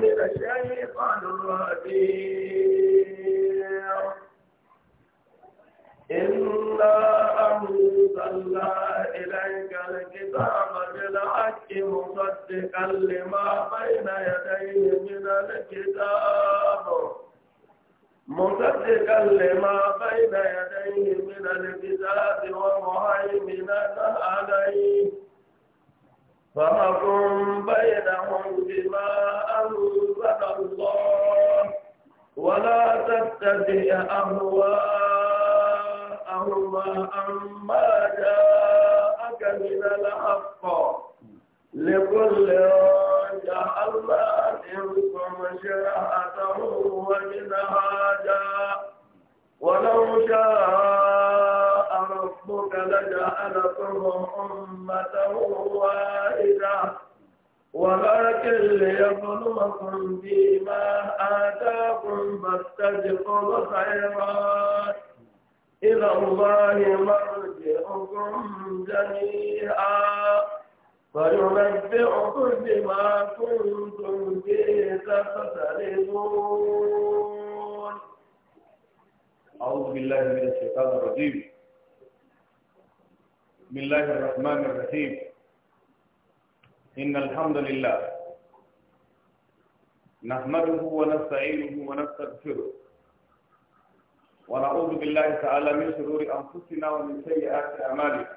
من الشيطان الرجيم إنا أنزلنا إليك الكتاب بالحق مصدقا لما بين يديه من الكتاب مصدقا لما بين يديه من الكتاب ومهيمنا عليه فحكم بينهم بما أنزل الله ولا تتبع أهواءهم عما جاءك من الحق لكل جعلنا منكم شرعة ومنهاجا ولو شاء ربك لجعلكم أمة واحدة ولكن ليبلوكم فيما آتاكم فاستجبوا الخيرات إلى الله مرجعكم جميعا فينبئكم بما كنتم فيه تختلفون أعوذ بالله من الشيطان الرجيم بسم الله الرحمن الرحيم إن الحمد لله نحمده ونستعينه ونستغفره ونعوذ بالله تعالى من شرور أنفسنا ومن سيئات أعمالنا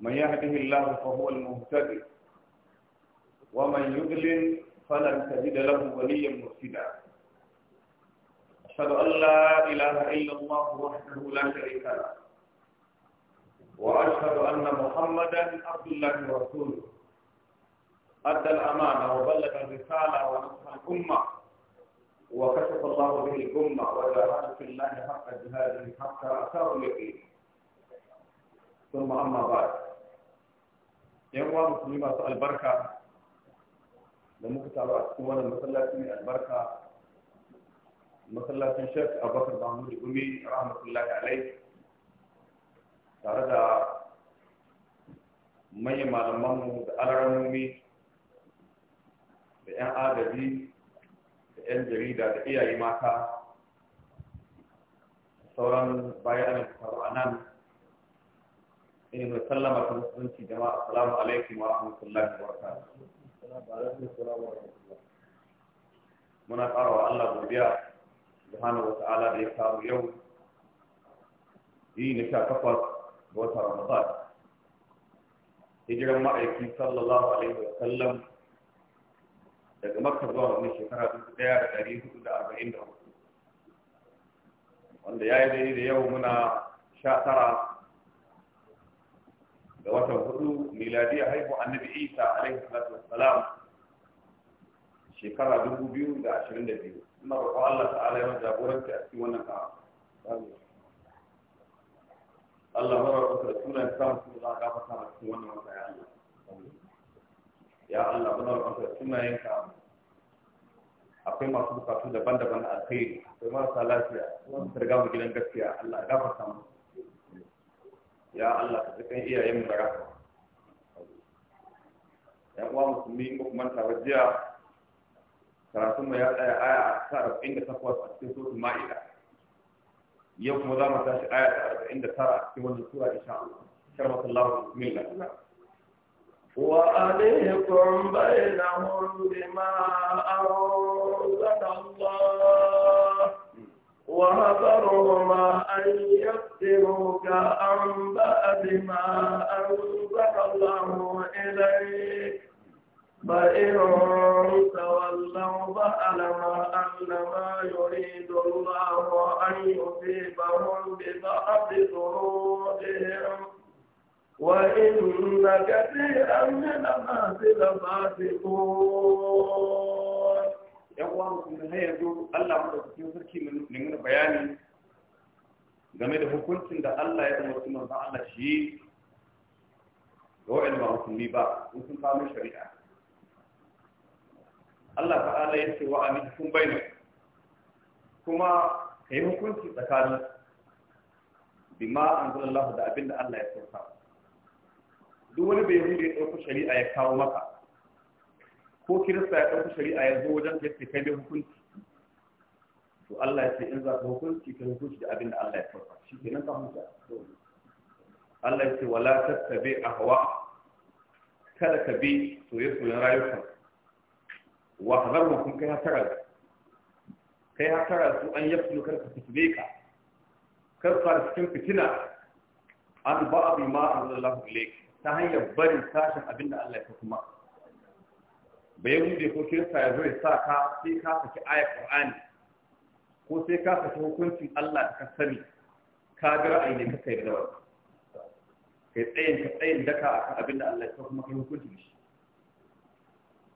من يهده الله فهو المهتدي ومن يضلل فلن تجد له وليا مرشدا أشهد أن لا إله إلا الله وحده لا شريك له وأشهد أن محمدا عبد الله ورسوله أدى الأمانة وبلغ الرسالة ونصح الأمة وكشف الله به الأمة وجاهد في الله حق جهاده حتى أثار اليقين ثم أما بعد يروى مسلمات البركة لما كتب أسكوانا من البركة مسلسل شيخ أبو بكر محمود الأمي رحمة الله عليه tare da manyan malamanmu da alarmomi da 'yan agaji da 'yan jarida da iyaye mata sauran bayan ta faru a nan ina mai sallama ta musulunci jama'a Salamu alaikum wa rahmatullahi wa barakatuh muna karawa Allah godiya subhanahu wa ta'ala da ya samu yau yi na sha takwas ga wata ramadan hijiran ma'aiki sallallahu alaihi wa sallam daga makka zuwa wani shekara dubu daya da dari hudu da arba'in da hudu wanda ya yi daidai da yau muna sha tara ga watan hudu miladiya haihu annabi isa alaihi salatu wassalam shekara dubu biyu da ashirin da biyu ina roƙon allah ta'ala ya jagoranci a cikin wannan kawo Allah mara kuka da sunan samun su za a gafa sama cikin wannan wata ya Allah ya Allah mara kuka da sunayen ka akwai masu bukatu daban-daban na alkhairi akwai marasa lafiya wanda riga mu gidan gaskiya Allah ya gafa sama ya Allah ka cikin iyayen mu da rahama ya uwa musulmi in kuma manta ba jiya karatun mu ya tsaya aya a ta 48 a cikin suratul ma'ida yau kuma za mu tashi aya ta arba'in da tara cikin wannan sura insha Allah karmata Allah bismillah وأليكم بينهم بما أنزل الله وهذرهما أن يفتروك عن بأس ما أنزل الله إليك فإن تولوا فألما أنما يريد الله أن يصيبهم ببعض ذنوبهم وإن كثيرا من الناس لفاسقون yan uwa musulmi har yanzu Allah madaukakin sarki mun nemi bayani game da hukuncin da Allah ya umarci manzon Allah shi ga wa'anda ba musulmi ba sun kawo shari'a Allah ta'ala ya ce wa amin kun bayyana kuma ka yi hukunci tsakanin bima an zura Allah da abin da Allah ya sauka duk wani bai yi da ya ɗauko shari'a ya kawo maka ko kirista ya ɗauko shari'a ya zo wajen ka yace kai bai hukunci to Allah ya ce in za ka hukunci ka hukunci da abin da Allah ya sauka shi kenan ka hukunta Allah ya ce wala tattabi ahwa kada ka bi soyayyen rayukanka wa hazarwa kun kai hasara kai hasara su an yafi kar ka fitile ka kar ka cikin fitina an ba abu ma anzalallahu ilayk ta hanyar bari sashen abin da Allah ya kuma kuma bayan wuce ko kirista ya zo ya sa ka sai ka saki ayat qur'ani ko sai ka saki hukuncin Allah da ka sani ka ga ra'ayi ne ka kai da wannan kai tsayin ka tsayin daka akan abin da Allah ya kuma kai hukunci shi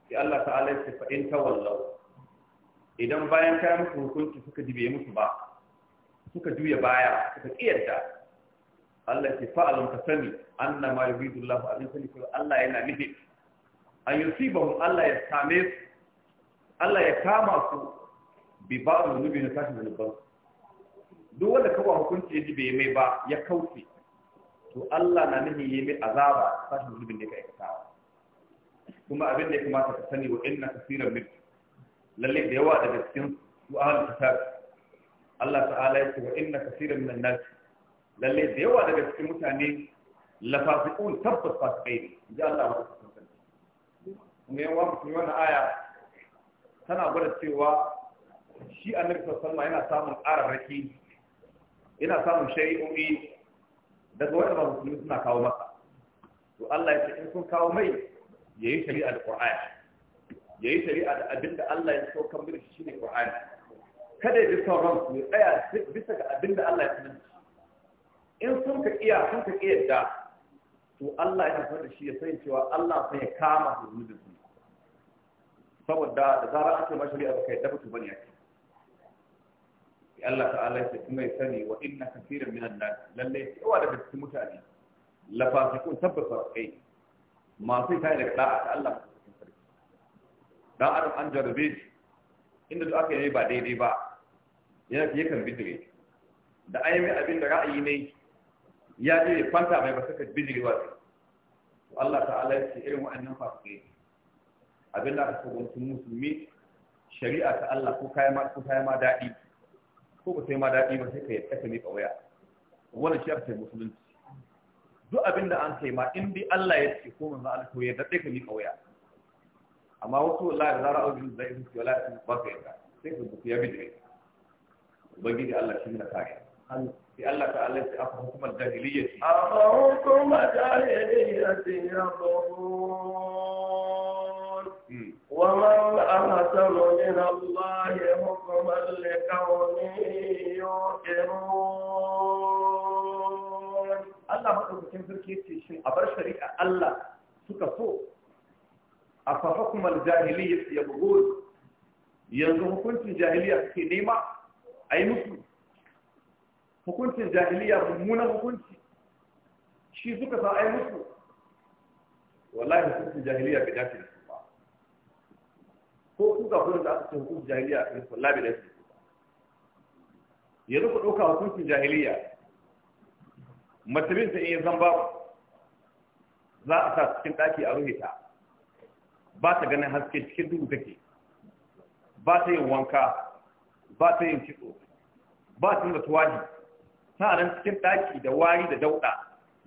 sai Allah ta'ala ya ce fa in tawallaw idan bayan kai musu hukunci suka jibe musu ba suka juya baya suka kiyarta Allah ya fa alam ta sani anna ma yuridu Allah an sani ko Allah yana nufi an yusibahum Allah ya same su Allah ya kama su bi ba'd nubi na tashi zunuban duk wanda kawo hukunci ya jibe mai ba ya kauce to Allah na nufi yayi mai azaba tashi zunubin da ka aikata kuma abin da ya kamata ka sani wa inna kasiran min lalle da yawa daga cikin su ahlul kitab Allah ta'ala ya ce wa inna kasiran min nas lalle da yawa daga cikin mutane la fasiqun tabbas fasiqai ne ji Allah wa kuma yawa mutum wannan aya tana gwada cewa shi annabi sallallahu yana samun ararraki yana samun shari'o'i daga wanda musulmi suna kawo masa to Allah ya ce in sun kawo mai ya yi shari'a da ƙur'ani ya yi shari'a da abin da Allah ya so kan birki shi ne ƙur'ani kada ya ji sauran su ya tsaya bisa ga abin da Allah ya sanar in sun ka iya sun ka iya da to Allah ya san da shi ya san cewa Allah sai ya kama su zunubin su saboda da zarar an ce ma shari'a ba kai dafa bane yake Allah ta'ala ya kuma ya sani wa inna kaseeran minan nas lalle yawa daga cikin mutane lafasikun tabbata kai masu kai daga da'a ta Allah dan adam an jarabe shi inda su aka yi ba daidai ba ya fiye kan bijire da yi mai abin da ra'ayi ne ya je ya kwanta mai ba saka bijire ba su Allah ta'ala ya ce irin wa'annan ne abin da aka so mutum musulmi shari'a ta Allah ko kai ma ko ma ko ba sai ma daɗi ba sai ka yadda ka miƙa ƙawaya wannan shi aka ce musulunci duk abinda an sai ma in bi Allah ya ce ko manzo Allah ko ya dade ka ni kauya amma wasu Allah da zara aujin da in ciwala wallahi ba ka yarda sai ku ku yabi da ubangiji Allah shi ne kai sai Allah ta'ala ya afa hukumar jahiliyyah afa hukumar jahiliyyah yabghun wa man ahsanu min Allah hukman liqawmin yuqinun cikin sarki ce shi a bar shari'a Allah suka so a fa hukumar jahiliya ya bugu yanzu hukuncin jahiliya suke nema a yi musu hukuncin jahiliya mummunan hukunci shi suka sa a yi musu wallahi hukuncin jahiliya bai dace da su ba ko kuka kuma da aka ce hukuncin jahiliya a kan wallahi da su ba yanzu ku ɗauka hukuncin jahiliya matsalin ta iya zan babu za a sa cikin ɗaki a ruhe ta ba ta ganin haske cikin duhu take ba ta yin wanka ba ta yin kitso ba ta da tuwaji nan cikin ɗaki da wari da dauɗa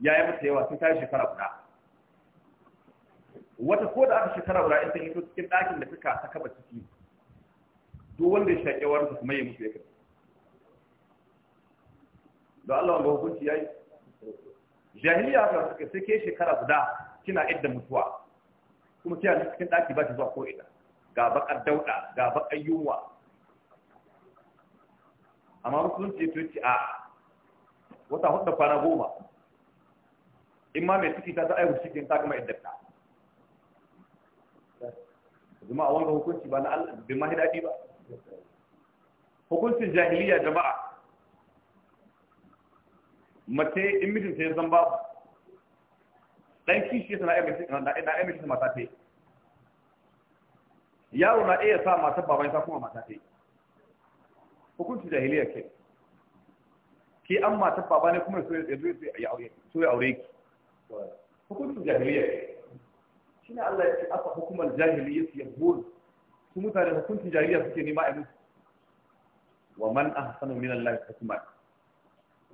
ya yi mata yawa sun ta yi shekara guda wata ko da aka shekara guda in ta hito cikin ɗakin da suka ta kaba ciki duk wanda ya shaƙe warinsa kuma ya musu ya kai da Allah wanda hukunci ya yi jahiliya ta suka sai ke shekara guda kina idda mutuwa kuma kina cikin daki ba shi zuwa ko ina ga bakar dauda ga bakar yunwa amma musulunci to ce a wata hudu kwana goma in ma mai ciki ta ta aihu cikin ta kuma idda ta a wanga hukunci ba na Allah bai ma daɗi ba hukuncin jahiliya jama'a mace in mijin sai zan babu dan kishi yana iya mace na ina iya mace mata ce yaro na iya sa mata baban sa kuma mata ce hukunci jahiliya ke ki an mata baba ne kuma so ya aure so ya aure ki hukuncin jahiliya shi shine Allah ya ce afa hukumar jahiliya su yabul su mutane hukuncin jahiliya suke nema a yi wa man ahsanu min Allah hukman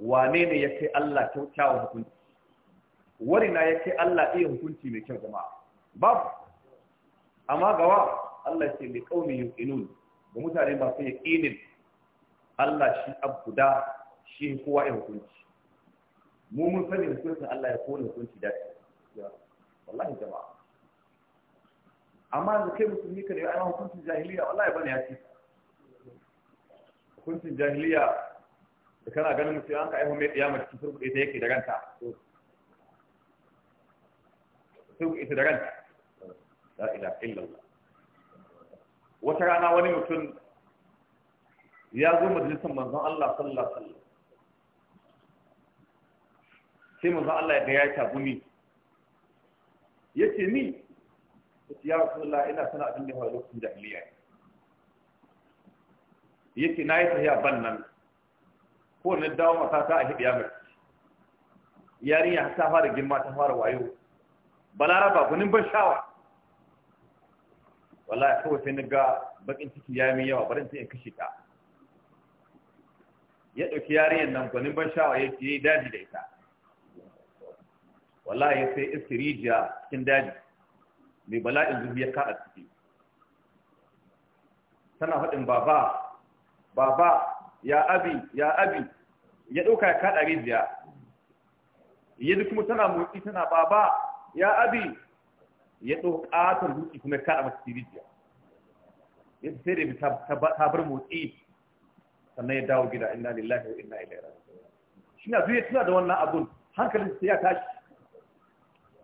wane ne ya kai Allah kyakkyawan hukunci wani na ya kai Allah iya hukunci mai kyau jama'a babu amma gawa Allah ce mai kaumi yu'inun ga mutane ba masu yaqinin Allah shi abuda shi kowa ya hukunci mu mun sani hukuncin Allah ya kone hukunci da wallahi jama'a amma da kai musulmi ka ne ai hukuncin jahiliya wallahi bane ya ce hukuncin jahiliya da kana ganin mutum an ka aihu mai tsiyama cikin turku ita yake da ranta turku ita da ranta la ila illallah wata rana wani mutum ya zo majalisar manzon Allah sallallahu alaihi wasallam sai manzon Allah ya ga ya tagumi yace ni ya rasulullah ina sana abin da ya faru lokacin jahiliya yake na yi tafiya ban nan ko na dawo masa ta a hidiya mai yarinya ta fara girma ta fara wayo balaraba gunin ban sha'awa wallahi kawai sai na ga bakin ciki ya mai yawa barin sai in kashe ta ya ɗauki yarinyar nan gwanin ban sha'awa ya yi daji da ita wallahi ya sai rijiya cikin daji mai bala'in zubi ya kaɗa ciki tana faɗin baba baba ya abi ya abi ya ɗauka ya kaɗa rijiya yadda kuma tana motsi tana baba ya abi ya dauka ta dutse kuma ya kaɗa masa rijiya yadda sai da ta bar motsi sannan ya dawo gida inna lillahi wa inna ilaihi raji'un shi na zuwa tuna da wannan abun hankalin sai ya tashi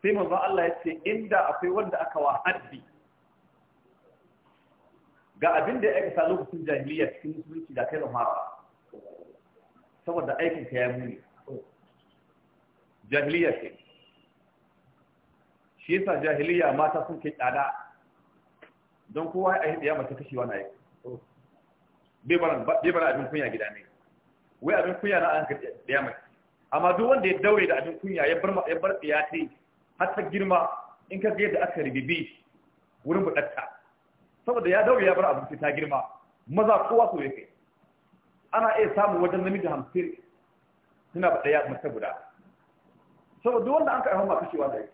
sai manzo Allah ya ce inda akwai wanda aka wa haddi ga abin da ya aikata lokacin jahiliya cikin musulunci da kai da mara saboda aikin ka ya muni jahiliya ce shi yasa jahiliya mata sun ke tsada don kowa ya aiki ya mace kashewa na aiki bai bara abin kunya gida ne wai abin kunya na an da ya mace amma duk wanda ya daure da abin kunya ya bar ya bar har ta girma in ka ga yadda aka ribibi wurin buɗatta saboda ya dauke ya bar abinci ta girma maza kowa so yake ana iya samu wajen namiji hamsin suna ba ɗaya mace guda saboda wanda an karɓar masu cewa da yake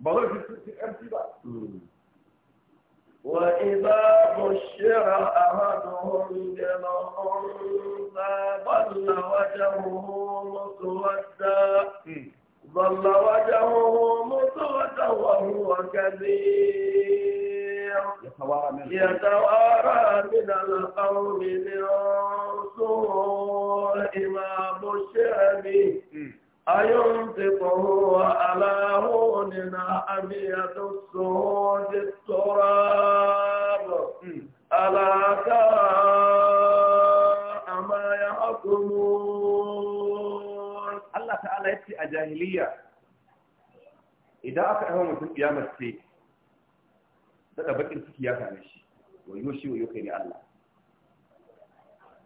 ba zai fi mc ba وإذا بشر أحدهم بالأنثى ظل وجهه مسودا ظل وجهه مسودا وهو كذيب يتوارى من القوم من سوء ما بشر به أينطقه على هوننا أمية السود التراب ألا ساء ما يحكمون الله تعالى يأتي أجاهلية إذا أكره مثل قيامة فيه sada bakin ciki ya same shi wa yoshi wa yokai ne Allah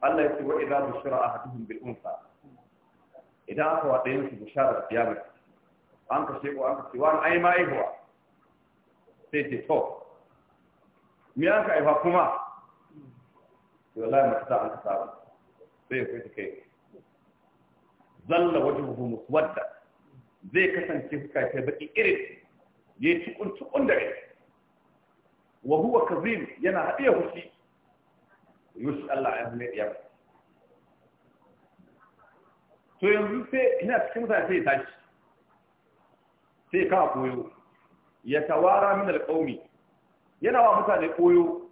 Allah ya ce wa idza bushira ahaduhum bil unsa idan aka wa dayan su bushara kiyama an ka sheko an ka ce wani ai mai huwa sai ce to me an ka aiwa kuma to wallahi mata ta an ka saba sai ya kai kai zalla wajhuhu muswadda zai kasance fuska ta baki irin yayi tukun tukun da rai wa huwa kazim yana haɗe hushi yusuf Allah ya mai ɗiyar to yanzu sai ina cikin mutane sai ya tashi sai kawo koyo ya tawara min alƙaumi yana wa mutane koyo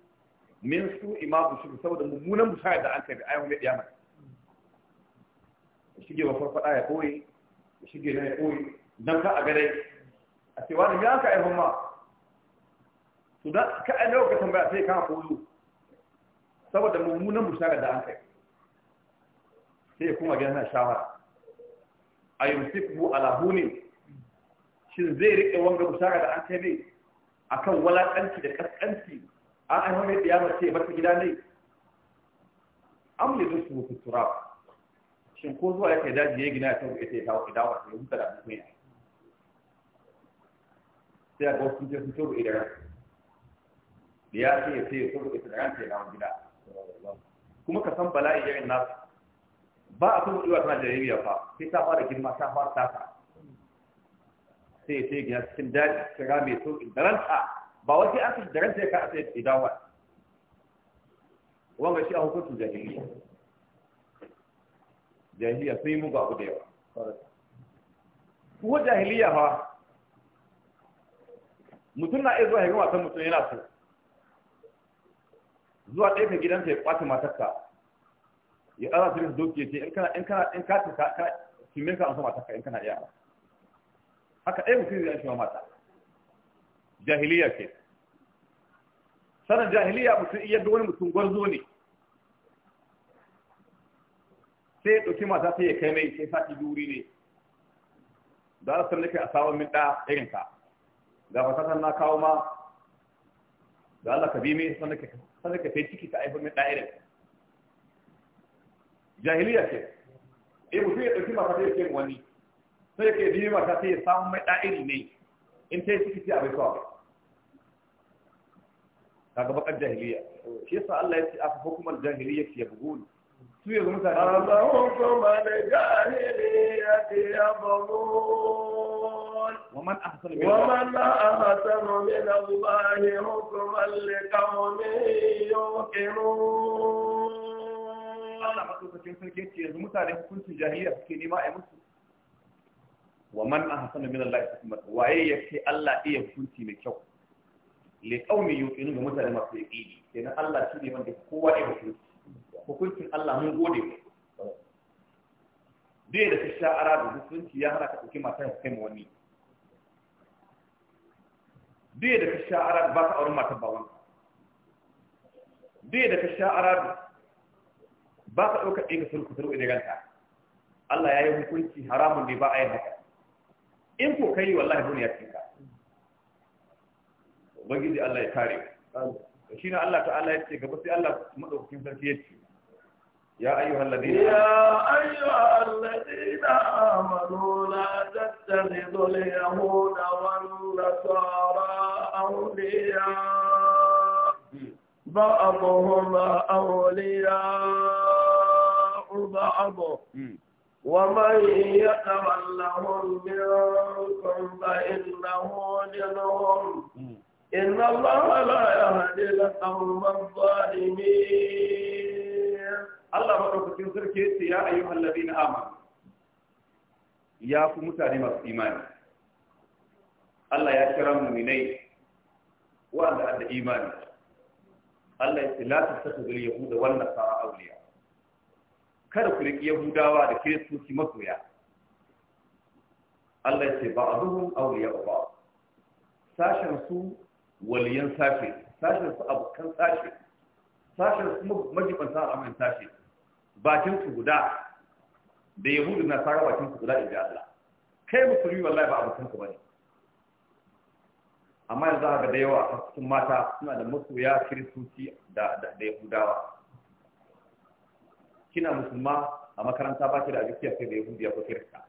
min su imamu shi saboda mummunan bushaya da an kai ayyukan mai ya shige wa farfada ya koyi ya shige na ya koyi don ka a gare a cewa da ya ka ayyukan ma to da ka a lokacin tambaya sai ka koyo saboda mummunan bushara da an kai sai ya kuma gina shawara a yusufu alahunin shin zai riƙe wanga bushara da an kai ne kan walaƙanci da ƙasƙanci an aihon ya mace ce barka gida ne amma ne su su tura shin ko zuwa ya kai daji ya gina ya tabu ita ya dawo ya dawo ya huta da abin mai sai a ga wasu sun ce sun da idan da ya ce ya ce saboda da ranta ya dawo gida kuma ka san bala'i irin nasu ba a kuma iwa tana jaririya fa sai ta fara girma ta fara tasa sai ya ce gina cikin daji kira mai sauƙi da ranta ba wasu an su da ya ka a sai idan wani wanga shi a hukuncin jahiliya jahiliya sai mu mugu abu da yawa ko jahiliya fa mutum na iya zuwa hikima san mutum yana so zuwa ɗaya ka gidanta ya ƙwace matarka ya ɗara su rinsa doki ya ce in kana in kana in ka ta ka kimin ka amsa matarka in kana iya haka ɗaya mutum zai shiwa mata jahiliya ke sanin jahiliya mutum iya da wani mutum gwarzo ne sai ya ɗauki mata sai ya kai mai sai sati duri ne da ala sanar da kai a sabon min ɗa irin ka ga fasatar na kawo ma da Allah ka bi mai sanar ka kai ciki ta aifar mai da'irin jahiliya ce e mutum ya ɗauki mata sai ya ce wani sai ya ke bi mata sai ya samu mai ɗa'iri ne in ta yi ciki ta a kawai ta gaba ƙar jahiliya shi yasa Allah ya ce aka hukumar jahiliya ya bugun su yanzu mutane Allah hukumar jahiliya ya bugun ومن أحسن من الله حكما لقوم يوقنون a musu wa man ahsanu min Allah hukman Allah iya hukunci mai kyau ga mutane masu Allah hukuncin Allah mun gode mu da sha'ara da hukunci ya hana ka ɗauki mata wani duk da ka sha ba ka auren mata baban duk da ka sha ba ka ɗaukar ɗaya ka sulku surku da ganta Allah ya yi hukunci haramun ne ba a yi haka in ko kai wallahi duniya ce ka ubangiji Allah ya kare shi ne Allah ta'ala ya ce gaba sai Allah madaukakin sarki ya ce يا أيها الذين يا أيها الذين آمنوا لا تتخذوا اليهود والنصارى أولياء بعضهم أولياء بعض ومن يتولهم منكم فإنه منهم إن الله لا يهدي القوم الظالمين Allah maɗaukakin sarki yace ya ayyuhal ladina amanu ya fi mutane masu imani Allah ya kira mu'minai wa'anda an da imani Allah ya ce la tattakhidul yahuda wan nasara awliya kada ku riƙi yahudawa da kiristoci masoya Allah ya ce ba a ba'duhum awliya ba sashen su waliyan sashe sashen su abokan sashe sashen su majibantan amin sashe bakin su guda da yahudu na sara bakin su guda inji Allah kai musulmi wallahi ba abokan ka bane amma yanzu haka da yawa a cikin mata suna da masoya kiristoci da da yahudawa kina musulma a makaranta ba ki da abinci ya kai da yahudiya ko kirista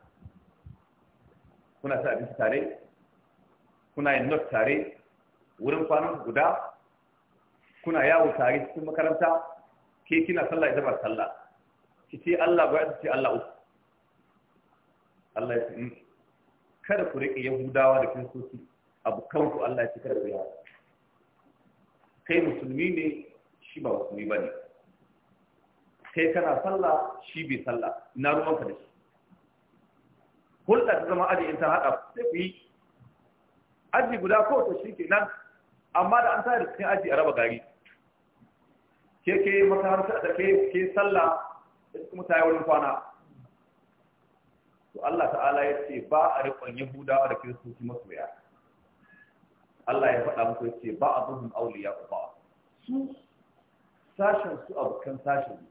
kuna sa abinci tare kuna yin not tare wurin kwanan guda kuna yawo tare cikin makaranta ke kina sallah ita ba sallah ki ce Allah ba ki ce Allah uku Allah ya ce mm, kada ku rike Yahudawa da kristoci abu kanku Allah ya ce kada ku yi kai musulmi ne shi ba musulmi ba ne kai kana sallah shi bai sallah ina ruwanka da shi hulɗa ta zama aji in ta haɗa sai ku yi aji guda kowace shi ke nan amma da an tare cikin aji a raba gari ke ke makaranta da ke sallah kuma ta yi wurin kwana to Allah ta'ala ya ce ba a riƙon Yahudawa da Kiristoci masoya Allah ya faɗa muku ya ce ba a buhun auliya ba su sashen su abokan sashen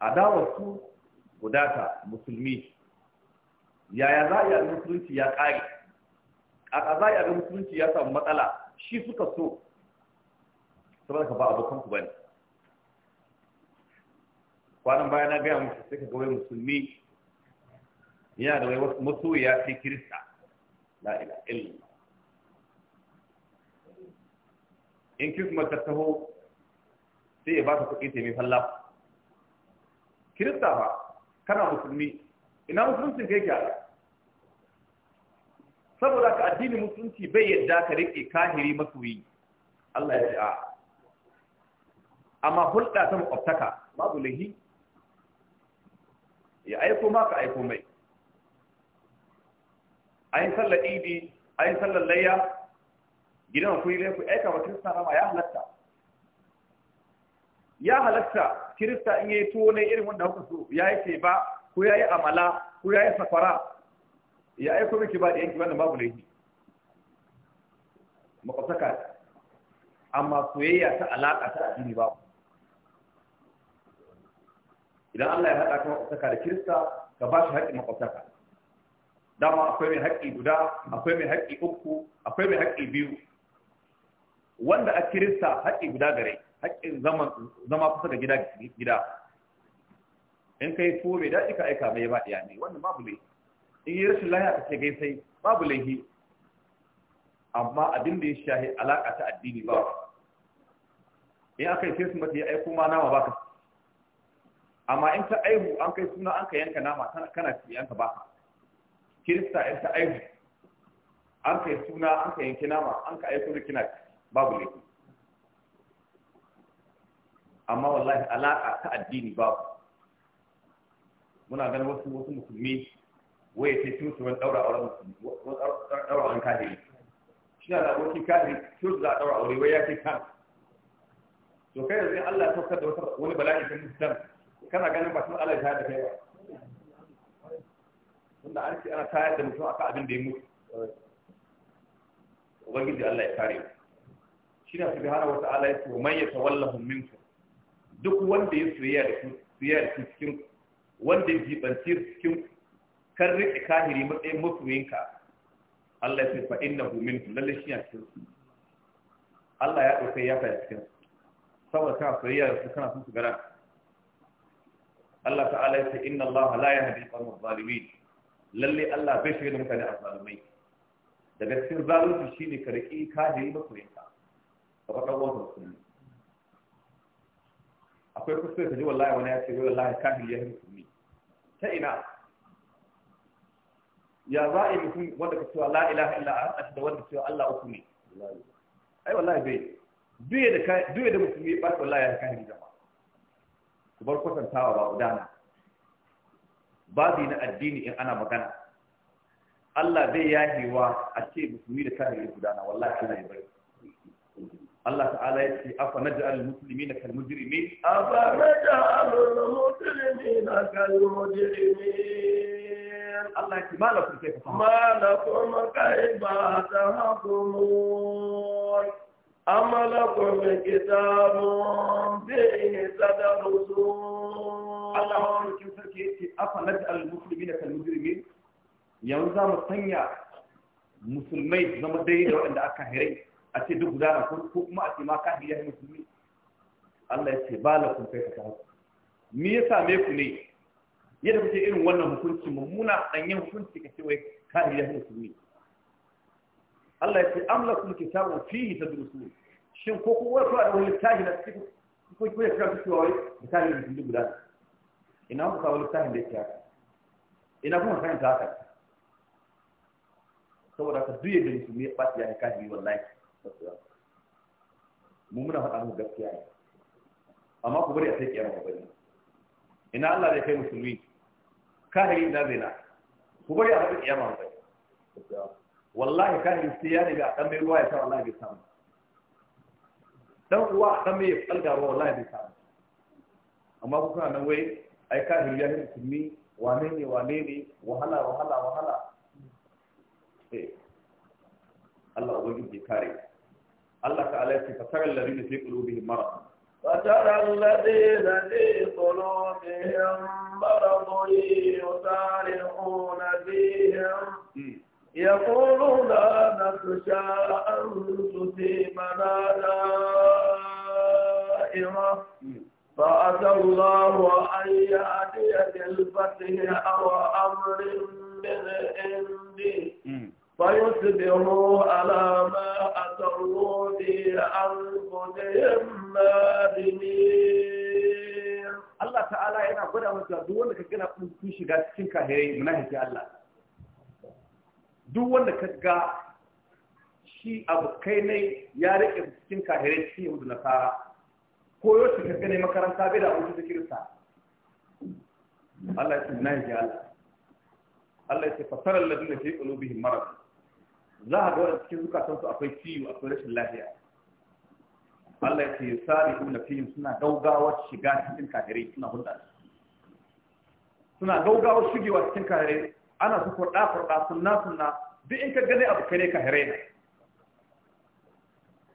adawar su gudata musulmi yaya za a yi musulunci ya ƙare a za a yi musulunci ya samu matsala shi suka so saboda ka ba abokan ku bane kwanan baya na gaya musu sai ka ga wai musulmi yana da wai ya sai kirista la ila illa in kirkumar kuma taho sai ya ba ka kuɗi sai mai falla kirista ba kana musulmi ina musulunci kai kyara saboda ka addini musulunci bai yadda ka rike kahiri masoyi Allah ya ce a amma hulɗa ta makwabtaka babu lahi ya aiko ma ka aiko mai an yi sallar idi an yi sallar layya gidan ku yi ku aika wa kirista rama ya halatta ya halatta kirista in yi tuwo ne irin wanda kuka so ya yi ce ba ko ya yi amala ko ya yi safara ya aiko miki ba da yanki wanda babu laifi makwasaka amma soyayya ta alaƙa ta addini babu idan Allah ya haɗa ka makwabtaka da Kirista ka ba shi haƙƙin makwabtaka dama akwai mai haƙƙi guda akwai mai haƙƙi uku akwai mai haƙƙi biyu wanda a Kirista haƙƙi guda gare haƙƙin zama kusa ga gida gida in kai tuwo mai daɗi ka aika mai ba iya ne wannan babu laifi in yi rashin lahiya ka ce gaisai babu laifi amma abin da ya shahi alaƙa ta addini ba in aka yi sai ya aiko ma nama ba baka amma in ta aihu an kai suna an ka yanka nama kana ci yanka ba ka kirista in ta aihu an kai suna an ka yanki nama an ka aihu da kina babu laifi amma wallahi alaƙa ta addini babu muna ganin wasu wasu musulmi waye ta tun su wani ɗaura auren musulmi daura auren kahiri shi na da abokin kahiri tun za a daura aure wai ya ce kan to kai zai Allah ya saukar da wani bala'i ta musulmi kana ganin ba sun Allah ya da kai ba tunda an ce ana tayar da mutum akan abin da ya mutu ubangiji Allah ya kare Shi mu shine wata ala ya ce man yatawallahum minku" duk wanda ya soyayya da ku da su cikin wanda ya jibanci cikin kan rike kahiri matsayin masoyinka Allah ya ce fa innahu minkum lalle shi ya cikin Allah ya ɗaukai ya fa cikin saboda kana soyayya da su kana son su gara Allah ta'ala yace inna Allah la yahdi al-qawm adh-dhalimin lalle Allah bai shirya da mutane azzalumai daga cikin zalunci shine ka riki kafiri masoyinka ka faɗa wannan sunni akwai kuskure ka ji wallahi wani ya ce wallahi kafiri ya yi sunni ta ina ya za a yi mutum wanda ka cewa la ilaha illa a da wanda cewa Allah uku ne ai wallahi bai duye da duye da mutum ya ba wallahi ya kafiri jama'a ku bar kwatantawa ba Ba babi na addini in ana magana Allah zai yahi wa a ce musulmi da kafiri gudana wallahi kana yi bai Allah ta'ala ya ce afa musulmi na kalmu jirimi afa musulmi na kalmu jirimi Allah ya ce malakun kayfa ba ta tahkumun أما لكم كتاب فيه تدرسون الله أمر كيف na أفنجعل المسلمين كالمجرمين yanzu mu sanya musulmai zama dai da waɗanda aka hirai a ce duk gudana ko kuma a ce ma ka hiriya musulmi Allah ya ce ba la kun kai ka tafi me ya same ku ne yadda kuke irin wannan hukunci mummuna ɗanyen hukunci ka ce wai ka hiriya musulmi Allah ya ce amlakum kitabun fihi tadrusun shin ko kuma wato da wani tashi na cikin ko ko ya karanta cewa wai misali da dindu guda ina ku kawo littafin da yake haka ina kuma ta haka saboda ka duye da musulmi ya ɓaci ya yi kafiri wallahi mu muna faɗa mu gaskiya ne amma ku bari a sai kiyama ku bari ina Allah zai kai musulmi kafiri ina zai na ku bari a faɗi kiyama ku bari wallahi ka iske ya riga dan mai ruwa ya sa wallahi samu dan uwa dan mai falga ruwa wallahi bai samu amma ku kana nan wai ai ka hirya ne musulmi wane ne wane ne wahala wahala wahala eh Allah ubangiji kare الله تعالى فترى الذين في قلوبهم مرض فترى الذين في قلوبهم مرض يسارعون فيهم لا نخشى أن تصيبنا دائرة فأتى الله أن يأتي بالفتح أو أمر من عندي فيصبحوا على ما أسروا في أنفسهم نادمين الله تعالى هنا gwada masa duk wanda ka gina kun shiga cikin kahirai munafiki Allah duk wanda ka ga shi kai ne ya rike cikin kahirai cikin yahudu fara ko yau shi ka makaranta bai da abokin da kirista Allah ya ce na yi Allah Allah ya ce fasarar ke fi qulubihim marad za a ga wani cikin zukatan su akwai ciwo akwai rashin lafiya Allah ya ce na fihim suna gaugawa shiga cikin kahirai suna hulɗa suna gaugawa shigewa cikin kahirai ana su kurɗa kurɗa sunna sunna duk in ka gane abu kare ka hare na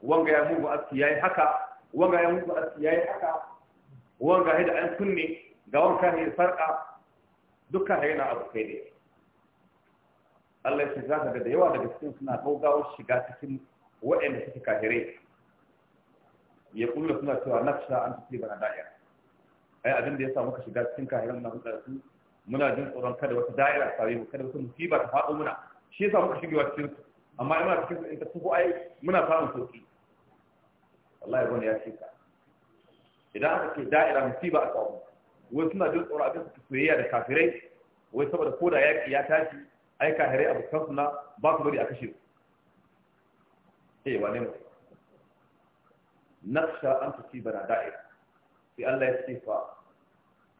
wanga ya mugu aski yayi haka wanga ya mugu aski yayi haka wanga hida an kunne ga wanka ne sarka dukkan hare na abu kai ne Allah ya ce za da yawa daga cikin suna gaugawar shiga cikin waɗanda suke kahire ya kullum suna cewa nafsa an tafi bana da'ira ai abin da ya samu ka shiga cikin kahiran na hulɗar su muna jin tsoron kada wata da'ira ta mu kada wata musiba ta faɗo muna shi yasa muka shigewa cikin su amma ina cikin su in ta tuko ai muna samun sauki wallahi bane ya shika idan aka ce da'ira musiba a kawo wai suna jin tsoron abin su soyayya da kafirai wai saboda ko da yaƙi ya tashi ai kafirai abokan su na ba su bari a kashe su eh wane mu naksha an tusiba bana da'ira sai Allah ya ce fa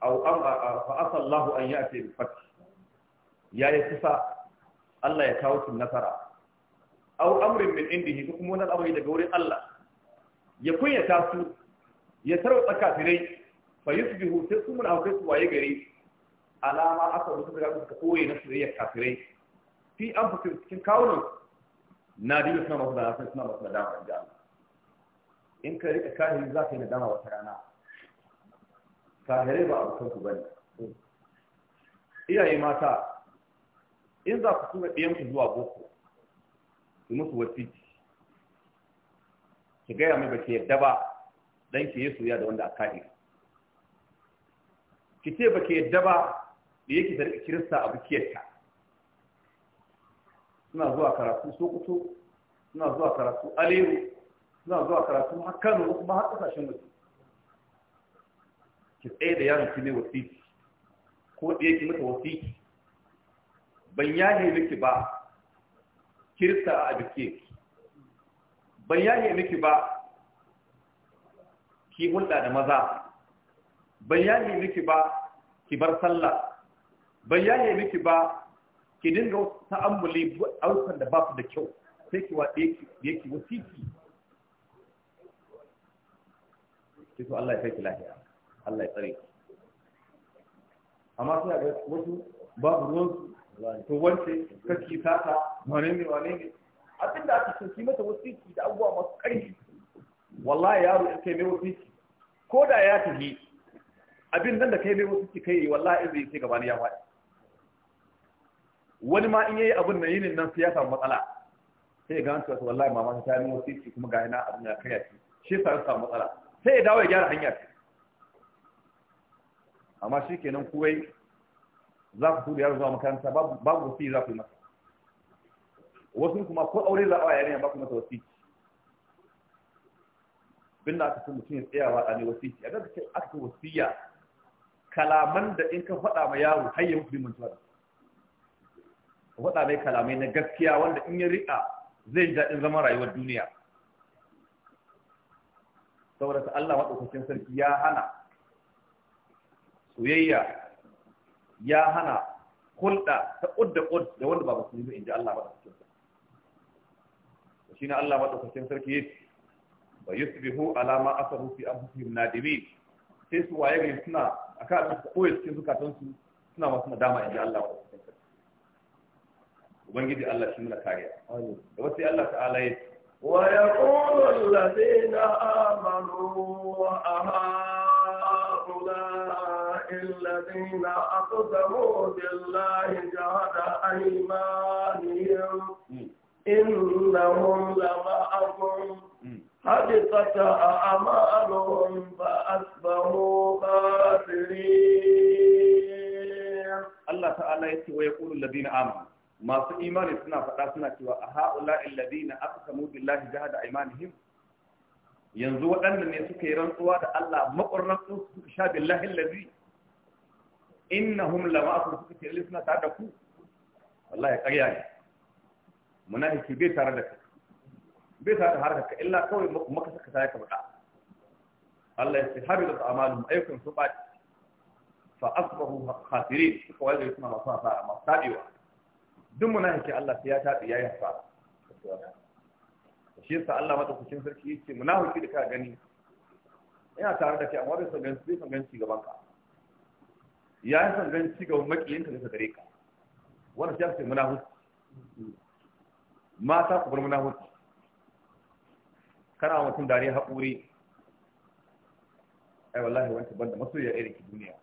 aw am fa asa Allah an ya'ti bi fath kusa Allah ya kawo cin nasara aw amrin min indihi ko kuma wannan abu daga wurin Allah ya kunyata su ya tarwata kafirai fa yusbihu sai su mun aukai su waye gari alama aka musu daga suka koyi na soyayyar kafirai fi anfusihim kawunan na dinu suna masu da suna masu da dama in ka rika kahiri za ka yi nadama wata rana kahere ba a kanku ku ne. iyaye mata in za ku tura ɗiyan ku zuwa boko ki musu wasiki ki gaya mai ba ki yadda ba dan ki yesu ya da wanda a yi ki ce ba ki yadda ba da yake da kirista a bukiyarta suna zuwa karatu sokoto suna zuwa karatu Aliyu, suna zuwa karatu har kano kuma har kasashen mutum ki tsaye da yaron ki ne wasiki ko da yake mata wasiki ban yaye miki ba kirista a abike ban yaye miki ba ki hulɗa da maza ban yaye miki ba ki bar sallah ban yaye miki ba ki dinga ta'ammuli aukan da ba su da kyau sai ki wa yake wasiki sai to Allah ya kai ki lafiya Allah ya tsare amma suna ga wasu babu ruwan to wance kake tata wane ne wane ne abin da ake sauki ki mata fiki da abubuwa masu ƙarfi wallahi yaro in kai mai fiki ko da ya tafi abin nan da kai mai fiki kai wallahi in zai ce gaba ni ya faɗi wani ma in yayi abin nan yinin nan sai ya samu matsala sai ga an cewa wallahi mama ta yi fiki kuma ga yana abin ya kai ya shi Sai ya samu matsala sai ya dawo ya gyara hanya ce amma shi kenan kuwai za ku tura yaro zuwa makaranta babu wasi za ku yi masa wasu kuma ko aure za a yare ba ku masa wasi bin da aka fi mutum ya tsayawa a ne wasi a ga cikin aka wasiya kalaman da in ka faɗa ma yaro har ya mutu mantuwa da ka faɗa mai kalamai na gaskiya wanda in ya riƙa zai ji daɗin zaman rayuwar duniya saboda Allah maɗaukakin sarki ya hana soyayya ya hana hulɗa ta ƙudda ƙud da wanda ba musulmi ba in ji Allah maɗaukakin sarki shi ne Allah maɗaukakin sarki ya ba yi subihu alama asaru fi anfusihim nadimi sai su waye gari suna akan abin su koyi cikin su suna masu nadama in ji Allah maɗaukakin sarki ubangiji Allah shi muna kariya da wasu Allah ta'ala ya ويقول الذين آمنوا وأهؤلاء الذين أقسموا بالله جهد أيمانهم إنهم لمعكم حدثت أعمالهم فأصبحوا خاسرين الله تعالى يتي ويقول الذين آمنوا masu imani suna faɗa suna cewa a ha'ula illadina aka samu billahi jihada imanihim yanzu waɗanda ne suka yi rantsuwa da Allah maƙwar su suka sha billahi lazi innahum lama'akum suka ce suna tare da ku wallahi ƙarya ne munafiki bai tare da ka bai tare da harkar ka illa kawai maka saka sai ka bada Allah ya ce habidat a'maluhum ayyukan su ba fa asbahu khasirin suka waje suna masu hasara masu tabewa duk munafiki Allah sai ya tabi yayi hasara shi yasa Allah madaukakin sarki yace munafiki da ka gani Ina tare da kai amma bai san ganci bai san gaban ka ya yi sangan ci gaban makiyinka da gare ka ya shi ake munafiki mata ku bar munafiki kana mutum dariya haƙuri ai wallahi wancan banda masoya irin ki duniya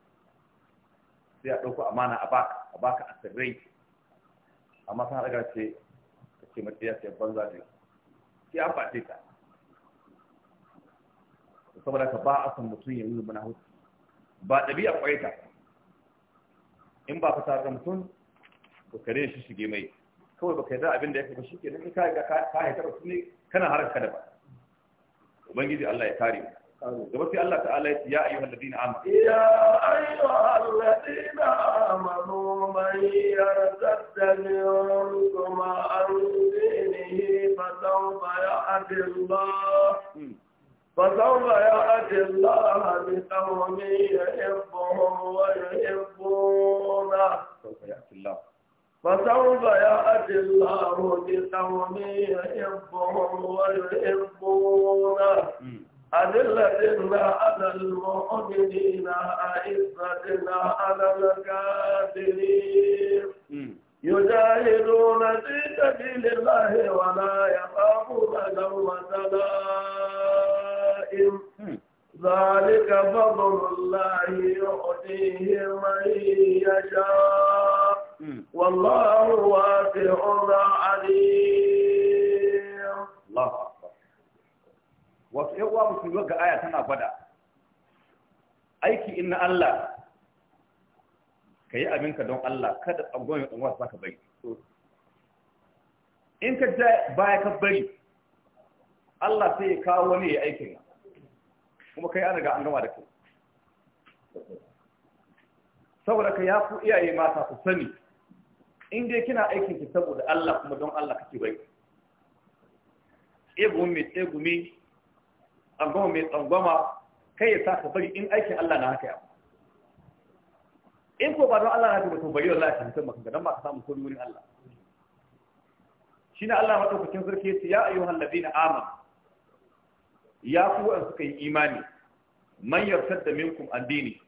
sai a ɗauko amana a baka a baka a sirrai amma kan daga ce ka ce ya ce banza ce ki an ba ta saboda ka ba a san mutum ya yi mana hutu ba ɗabi'a ta. in ba ka saka mutum to kare shi shige mai kawai baka yarda abin da ya kafa shike nan kai ga ka haifar su ne kana haraka da ba ubangiji Allah ya kare gaba sai Allah ta'ala ya ya ayyuha alladhina amanu ya ayyuha alladhina amanu man yartadda minkum an dinihi fa sawfa ya'ti فسوف يأتي الله بقوم يحبهم ويحبونه سوف يأتي الله فسوف يأتي الله بقوم يحبهم ويحبونه أذلة على المؤمنين أعزة على الكافرين يجاهدون في سبيل الله ولا يخافون لومة لائم بشفاعتهم ذلك فضل الله يؤتيه من يشاء والله واسع عليم الله أكبر wasu ‘yan uwa musulmi ga aya tana gwada aiki inna Allah ka abinka don Allah kada tsangon yin wasu ka bari in ka ja baya ka bari Allah sai ya kawo wani aikin nan kuma kai an riga an gama da kai saboda ka ya iyaye mata ku sani in dai kina aikin ki saboda Allah kuma don Allah kake bai tsegumi mai tsegumi tsangwama mai tsangwama kai ya sa ka bari in aikin Allah na haka yawa in ko ba don Allah na haka mutum bari wallahi ka mutum maka dan ba ka samu komai wurin Allah shine Allah madaukakin sarki yace ya ayyuhal ladina amana ya fi wa'an suka yi imani man yartar da minkum addini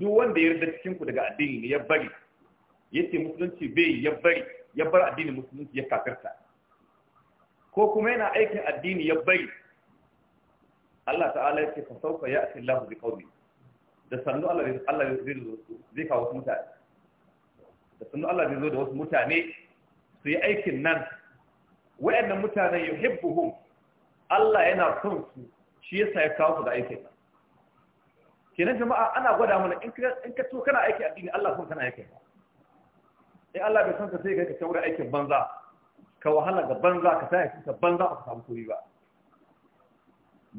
duk wanda ya yarda cikin ku daga addini ne ya bari yace musulunci bai ya bari ya bar addinin musulunci ya kafirta ko kuma yana aikin addini ya bari Allah ta'ala yake fa sauka ya ati Allah bi qawmi da sannu Allah Allah zai zo zai kawo wasu mutane da sannu Allah zai zo da wasu mutane su yi aikin nan wa'annan mutanen yuhibbuhum Allah yana son su shi yasa ya kawo ku da aikin kenan jama'a ana gwada mana in ka to kana aiki addini Allah son kana aiki in Allah bai son ka sai ka taura aikin banza ka wahala ga banza ka sai ka banza ka samu kuri ba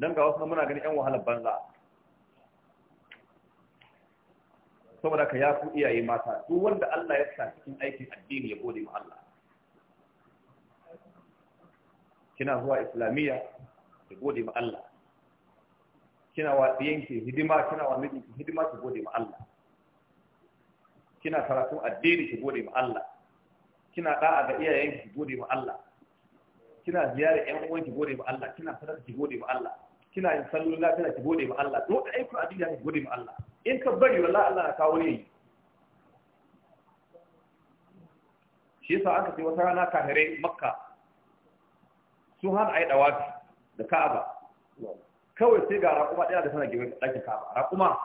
dan ga wasu muna ganin yan wahala banza saboda ka ya iyaye mata duk wanda Allah ya sa cikin aikin addini ya gode ma Allah kina zuwa islamiyya ki gode ma Allah kina wa diyanki hidima kina wa ki hidima ki gode ma Allah kina karatu addini ki gode ma Allah kina da'a ga iyayen ki gode ma Allah kina ziyara ƴan uwan ki gode ma Allah kina sadaka ki gode ma Allah kina yin sallolin lafiya ki gode ma Allah duk aiki addini ki gode ma Allah in ka bari wallahi Allah na kawo ne shi yasa aka ce wata rana kafirai makka sun hana a yi dawafi da ka'aba kawai sai ga raƙuma ɗaya da sana gefen ɗakin ka'aba raƙuma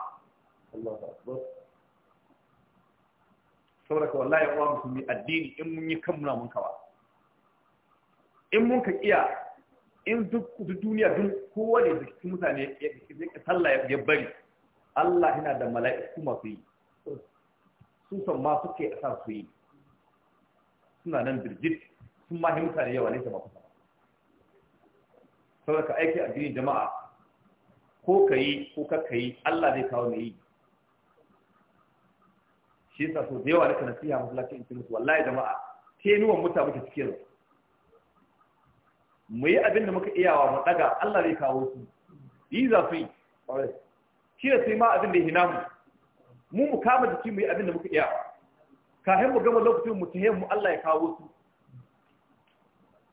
saboda ka wallahi uwa musulmi addini in mun yi kan muna mun kawa in mun ka iya in duk duniya duk kowa ne zikin mutane ya sallah ya bari Allah yana da mala'iku masu yi su san ma suke a sa su yi suna nan birgit sun ma mutane yawa ne ta ba kusa saboda ka aiki addinin jama'a ko ka yi ko ka yi Allah zai kawo mai yi shi yasa so da yawa naka nasiha lafiya in musu wallahi jama'a Ke nuna muta muke da mu yi abin da muka iyawa mu daga Allah zai kawo su yi zafi shi da sai ma abin da ya hina mu mu mu kama jiki mu yi abin da muka iyawa kafin mu gama lokacin mu ta mu Allah ya kawo su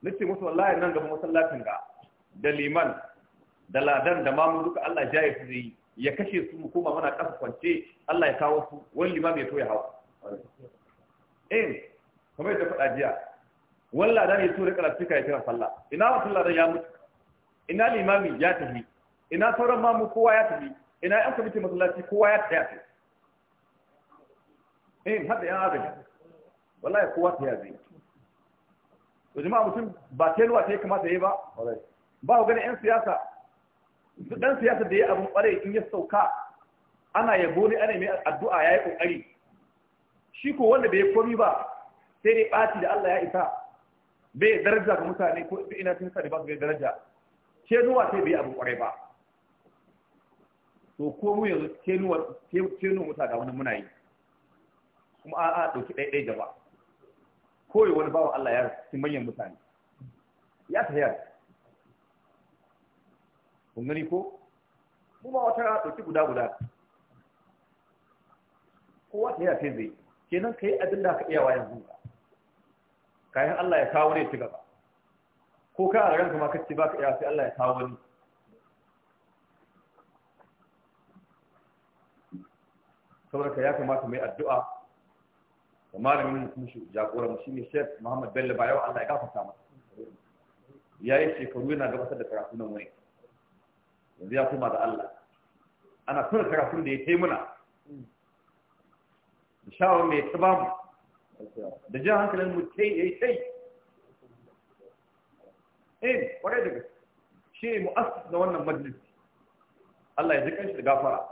nace musu wallahi nan gaba masallacin ga da liman da ladan da mamu duka Allah jaye su zai ya kashe su mu koma muna kasa kwance Allah ya kawo su wani liman ya to ya hawa eh kuma yadda faɗa jiya wani ladan ya so da karatuka ya kira sallah ina wasu ladan ya mutu ina limami ya tafi ina sauran mamu kowa ya tafi ina yan kwamitin masallaci kowa ya tafi eh har da yan agaji wallahi kowa ta yazi to jama'a mutum ba telwa ta yi kamata ya yi ba ba ku gani 'yan siyasa duk ɗan siyasa da ya abin ɓare in ya sauka ana yabo ne ana mai addu'a ya yi ƙoƙari shi ko wanda bai yi komi ba sai dai ɓaci da Allah ya isa bai daraja ga mutane ko duk ina sun sani ba su bai daraja ke nuwa sai bai abin ƙware ba to ko mu yanzu ke nuwa ke nuwa mutane wani muna yi kuma a ɗauki ɗaiɗai gaba kawai wani bawa Allah ya rasu manyan mutane ya ta yara kun gani ko mu wata ra ɗauki guda guda kowa ta yi a zai nan ka yi abin da ka iyawa yanzu kayan Allah ya kawo ne ci gaba ko ka a ranka ma ba baka iya sai Allah ya kawo wani saboda ya kamata mai addu'a da malamin mu kuma jagoran mu shine shef Muhammad Bello Bayo Allah ya gafarta Ya yi shekaru yana gabatar da karatu nan wani yanzu ya koma da Allah ana son karatun da ya kai muna da shawar mai ta bamu da jan hankalin mu ya yi kai eh kwarai daga shi mu asis na wannan majalis Allah ya ji kanshi da gafara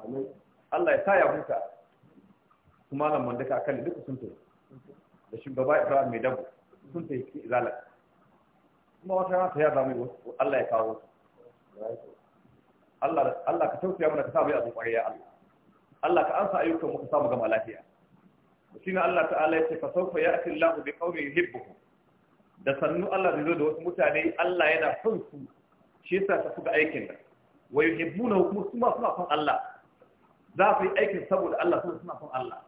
Allah ya sa ya huta kuma nan man daka kan duka sun tafi da shugaba Ibrahim mai dabu sun tafi izalar kuma wata rana ta ya zama Allah ya kawo su Allah ka tausaya mana ka samu mu abin kwarai ya Allah Allah ka ansa ayyukan mu ka samu gama lafiya shine Allah ta'ala ya ce fa sawfa ya'ti Allahu bi qaumin yuhibbuhum da sannu Allah zai zo da wasu mutane Allah yana son su shi yasa ta fuga aikin da wa yuhibbuna kuma suma suna son Allah za su yi aikin saboda Allah suna suna son Allah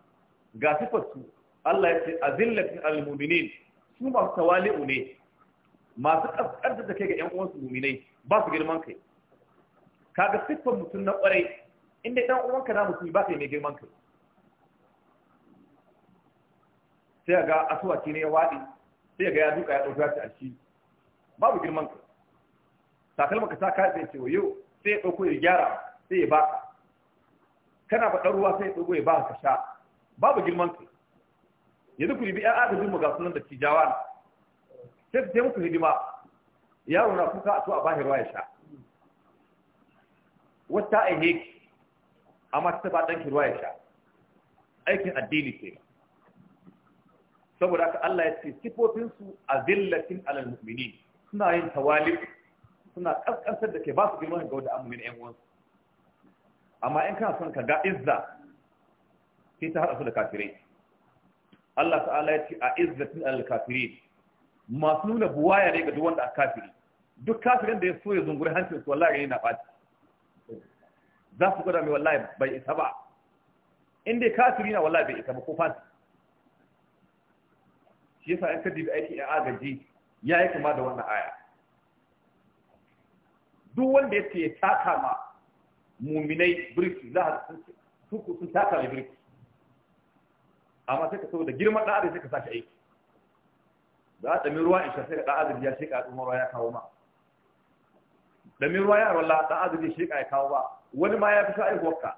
ga sifar su Allah ya ce azillatin almu'minin su masu tawali'u ne masu kaskanta da kai ga ƴan uwansu mu'minai ba su girman kai kaga siffar mutum na kwarai inda dan uwanka na mutum ba kai mai girman ka sai ga asuwaci ne ya waɗi sai ga ya duka ya ɗauka shi a shi babu girman kai takalma ka saka sai ce yau sai ya ɗauko ya gyara sai ya baka kana faɗar ruwa sai ya ɗauko ya baka ka sha babu girman ka. yanzu ku bi ƴan adabin mu ga sunan da tijawa sai ku taimaka hidima yaro na kuka a so a bashi ruwa ya sha wata aihe ki amma ta ba ɗanki ruwa ya sha aikin addini ce saboda aka Allah ya ce sifofinsu a zillatin alal mu'mini suna yin tawali suna ƙasƙantar da ke ba su girman ga wanda an mu'mini ƴan uwansu amma in kan son ka ga izza sai ta haɗa su da kafirai Allah ta'ala ya ce a izzatin alal kafirin masu nuna buwaya ne ga duk wanda a kafiri duk kafirin da ya so ya zungure hancin su wallahi ne na ɓaci za su gwada mai wallahi bai isa ba inda dai kafiri na wallahi bai isa ba ko fasi shi yasa an kaddi da aiki a agaji ya yi kama da wannan aya duk wanda ya ce ya taka ma muminai birki za a sun taka mai birki amma sai ka so da girman ɗan sai ka sa shi aiki za a ɗami ruwa in sha sai ka ɗan ya shi ka ɗumarwa ya kawo ma ɗami ruwa ya rola ɗan ya shi ka ya kawo ba wani ma ya fi sa aihuwarka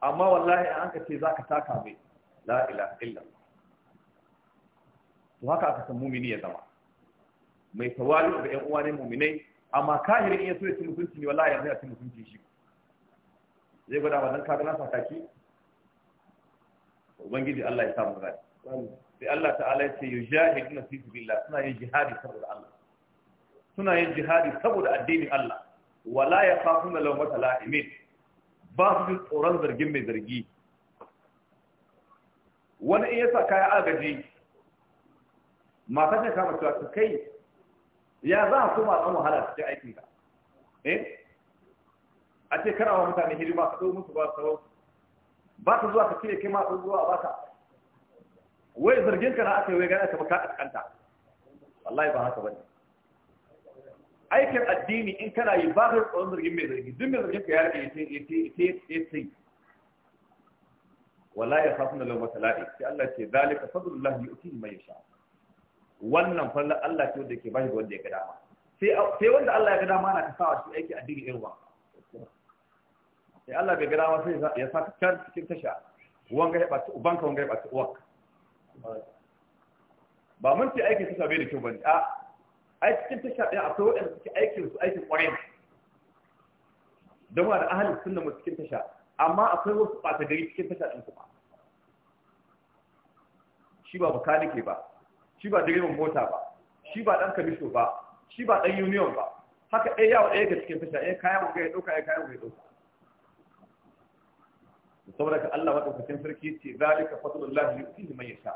amma wallahi an ka ce za ka taka mai la'ila illa to haka aka san mumini ya zama mai tawali da yan uwa muminai amma kahirin iya so ya ci mutunci ne wallahi yanzu ya ci mutunci shi zai gwada wannan kaga na sakaki ubangiji Allah ya samu rai sai Allah ta'ala ya ce yujahiduna fi sabilillah suna yin jihadi saboda Allah suna yin jihadi saboda addinin Allah wala ya kafin da laumata la'imin ba su jin tsoron zargin mai zargi wani in yasa kayan agaji mata ta kama cewa su kai ya za a kuma a wahala cikin aikinka eh a ce kana wa mutane hidima ka ɗau musu ba su ba su zuwa ka cire kai ma zuwa ba ka wai zargin ka na aka yi wai gana ka ba ka ƙasƙanta wallahi ba haka ba ne aikin addini in kana yi ba ka tsoron zargin mai zargi duk mai zargin ka ya rike ita ita ita ita wala ya khafu na lawata la'i sai Allah ce zalika fadlullah yu'tihi mai sha wannan fallan Allah ce wanda yake shi wanda ya ga dama sai wanda Allah ya ga dama na kasawa shi aiki addini irin sai Allah bai ga dama sai ya ka can cikin tasha wanga ya bata ubanka wanga ya bata uwanka ba mun ce aikin su bai da kyau ba a ai cikin tasha ɗaya akwai waɗanda suke aikin su aikin ƙwarai don wa da ahalin sunna mu cikin tasha amma akwai wasu ɓata gari cikin tasha ɗin kuma shi ba makanike ba shi ba direban mota ba shi ba ɗan kamisho ba shi ba ɗan union ba haka ɗaya yawa ɗaya ga cikin tasha ɗaya mu ga ya ɗauka ya kaya mu ga ya ɗauka saboda ka Allah maɗaukakin sarki ce zalika fadlullahi yu'tihi man yasha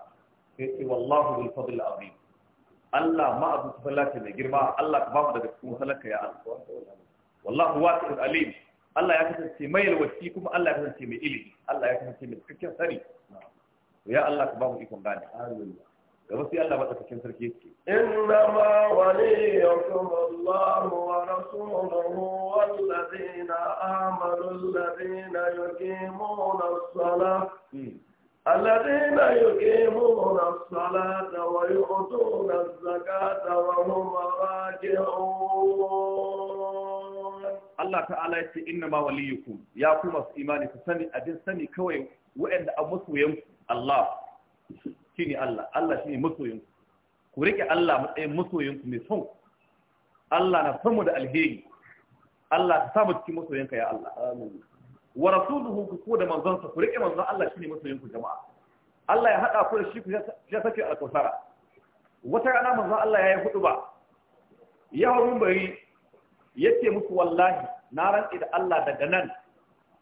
sai ce wallahu bil fadl azim Allah ma abu falaka mai girma Allah ka bamu daga cikin halaka ya Allah wallahu wasi'un alim Allah ya kasance mai alwasi kuma Allah ya kasance mai ilimi Allah ya kasance mai cikakken sani ya Allah ka bamu ikon gane amin gaba sai Allah madaukakin sarki yake inna ma waliyakum Allah wa rasuluhu wal ladina amanu alladhina yuqimuna as-salata Allah taimaka yake muna salata wa yau, suna zakata wa mawa mahaƙiyar uwar. Allah Ta'ala ya ce in na ma wani ya kuma. Ya a masoyan ku. Allah ki ne Allah, Allah ki ku. Ku Allah matsayin masoyan ku me sau. Allah na samu da alheri. Allah ta taama cikin masoyanka ya Allah. wa rasuluhu ku ko da manzon sa ku rike manzon Allah shine masoyin ku jama'a Allah ya hada ku da shi ku ya sake alkausara wata rana manzon Allah ya yi hudu ba ya hawo bari yace musu wallahi na rantsi da Allah daga nan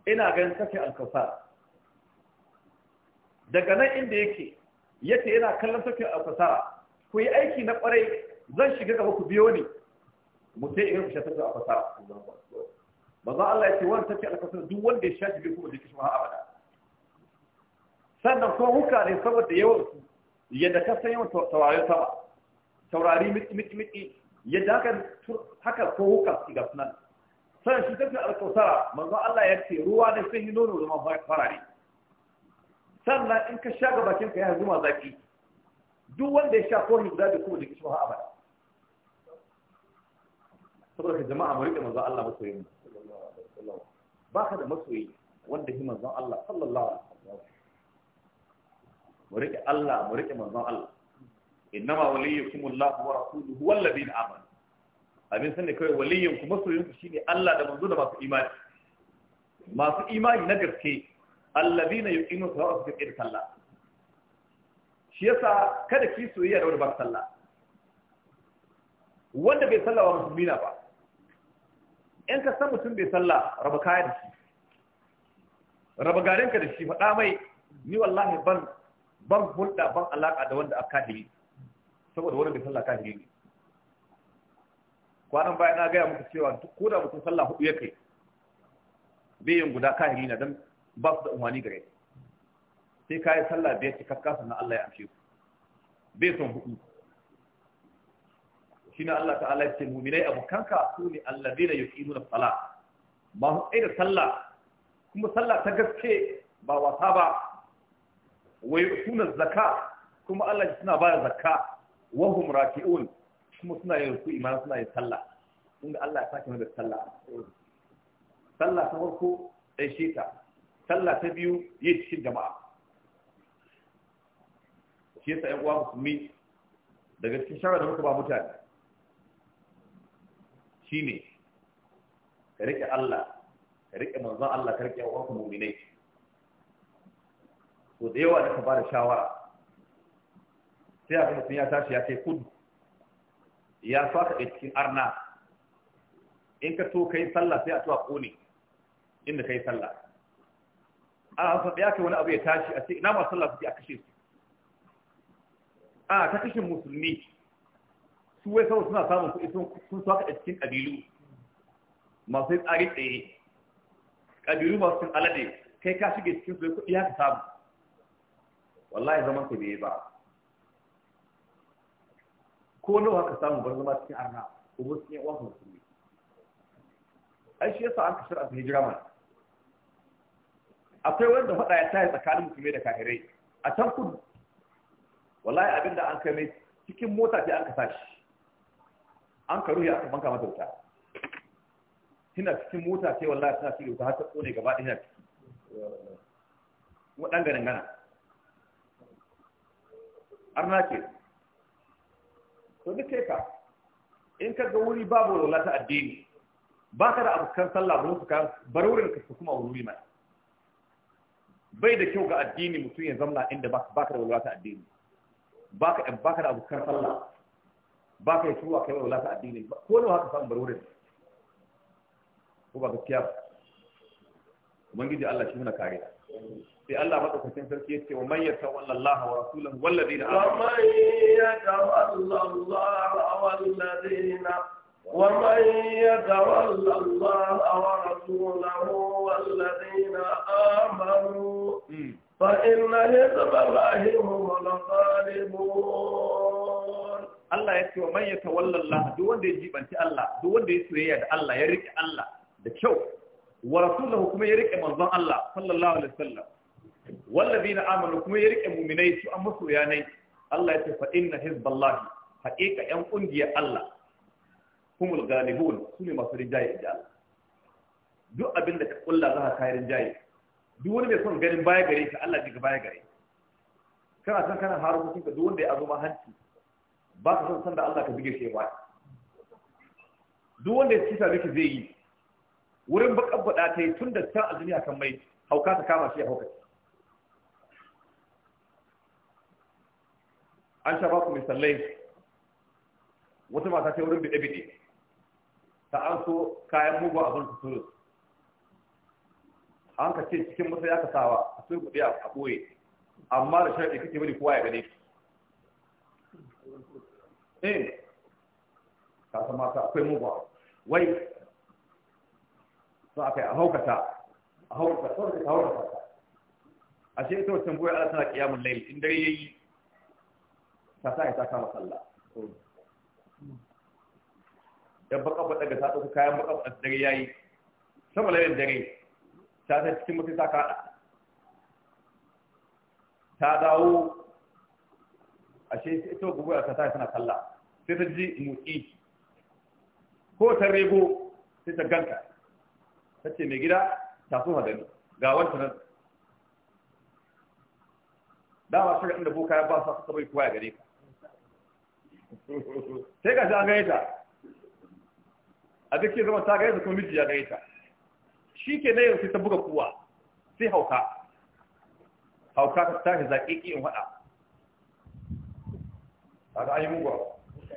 ina ganin sake alkausara daga nan inda yake yace yana kallon sake alkausara ku yi aiki na ƙwarai zan shiga gaba ku biyo ni mu sai irin ku sha sake alkausara maza Allah ya ce wani tafi alkasar duk wanda ya shafi bai kuma jikin da kishi abada sannan kuma huka ne saboda yawan su yadda ka san yawan taurari sama taurari miki miki yadda haka haka ko huka su ga sunan sannan shi tafi alkasara maza Allah ya ce ruwa ne sun yi nono zama farare sannan in ka sha ga bakin ka ya zuma zaki duk wanda ya sha ko hibda bai kuma jikin da kishi abada saboda ka jama'a mu riƙe manzon Allah masoyin mu baka da masoyi wanda shi manzon Allah sallallahu alaihi wasallam mu riƙe Allah mu riƙe manzon Allah innama waliyukum Allah wa rasuluhu wal ladina amanu abin sani kai waliyin ku masoyin ku shine Allah da manzo da masu imani masu imani na gaske alladina yuqinu salata wa yuqimu sallah shi yasa kada ki soyayya da wanda ba sallah wanda bai sallawa musulmi na ba in ka san mutum bai sallah raba kaya da shi raba garinka da shi faɗa mai ni wallahi ban ban hulɗa ban alaƙa da wanda aka kahiri saboda wani bai sallah kahiri ne kwanan bayan na gaya muku cewa ko da mutum sallah hudu ya kai bai yin guda kahiri na don ba su da umarni gare sai kayi sallah biyar cikakka sannan Allah ya amshe su bai son hudu shine Allah ta'ala ya ce mu'minai abokanka su ne alladheena yuqimuna as-salat ba su tsaye da sallah kuma sallah ta gaske ba wasa ba wai suna zakka kuma Allah suna bayar zakka wa hum raki'un kuma suna yin ruku imani suna yin sallah inda Allah ya sake mana sallah sallah ta farko ai shi ta sallah ta biyu yi cikin jama'a shi yasa ƴan uwa musulmi daga cikin shawara da muka ba mutane shine ka rike Allah ka rike manzon Allah ka rike uwanka mu'minai to da yawa da ka ba da shawara sai a kuma ya tashi ya kai kudu ya faka da cikin arna in ka to kai sallah sai a to a kone inda kai sallah A san ya kai wani abu ya tashi a ce ina ma sallah su a kashe su a ta kashe musulmi su wai sau suna samun kuɗi sun haka a cikin ƙabilu masu tsari tsaye ƙabilu masu cin alade kai ka shige cikin su kuɗi haka samu wallahi zaman ka bai ba ko nawa haka samu bar zama cikin arna ko ba cikin yawan ne? ai shi yasa an kashar a hijira mana akwai wanda faɗa ya tsaye tsakanin musulmi da kahirai a can kudu wallahi abinda an kai mai cikin mota ce an kasa shi an ka ruhi aka banka mata wuta tana cikin mota sai wallahi tana cikin wuta har ta kone gaba ɗaya ciki kuma ɗan ganin gana arna ce to duk ce ka in ka ga wuri babu walwala ta addini ba ka da abokan sallah ba su ka bar wurin ka su kuma wuri mai bai da kyau ga addini mutum ya zamna inda ba ka da walwala ta addini ba ka da abokan sallah ba kai tuwa kai wala ta addini ba ko nawa haka samun barwurin ko ba gaskiya ba ubangiji Allah shi muna kare sai Allah madaukakin sarki ya ce wa man yatawalla Allah wa rasulahu wal ladina amanu wa man yatawalla Allah wal ladina wa man yatawalla Allah wa rasulahu wal ladina amanu hmm. fa inna hizba Allahi hum al-ghalibun Allah ya ce wa man yatawalla Allah duk wanda ya jibanci Allah duk wanda ya soyayya da Allah ya rike Allah da kyau wa rasulahu kuma ya rike manzon Allah sallallahu alaihi wasallam wallazina amanu kuma ya rike mu'minai su amma soyanai Allah ya ce fa inna hizballahi haqiqa yan kungiyar Allah humul galibun sune masu rinjaye da Allah duk abin da ka kulla za ka kai rinjaye duk wani mai son ganin baya gare ka Allah ji ga baya gare ka kana san kana haro mutum ka duk wanda ya azuma hanci ba ka san da Allah ka buge shi ba duk wanda ya kisa miki zai yi wurin bakan kabbada ta yi tun da can a duniya kan mai hauka ta kama shi a hauka an sha ku misalai wata mata ta wurin bide-bide ta an so kayan mugu abin su an ka ce cikin masa ya kasawa a sun kudi a ɓoye amma da sharɗi kake wani kowa ya gane shi eh ka san mata akwai mugwa wai so akai a haukata a haukata so da haukata ashe ita wancan boye Allah tana kiyamul layl in dare yayi ta sa ita kama sallah dan baka ba daga ta dauka kayan baka ba dare yi. sama lailin dare ta ta cikin mutum ta kada ta dawo a ashe ita gobe ta sa tana sallah sai ta ji motsi ko ta rego sai ta ganka ta ce mai gida ta so hadari ga wancan nan dama shirin inda boka ya ba su suka bai kuwa ya gare ka sai ga shi an gaita a duk ke zama ta gaita kuma miji ya gaita shi ke na yau sai ta buga kuwa sai hauka hauka ta tashi zaƙiƙi in haɗa. kaga an yi mugu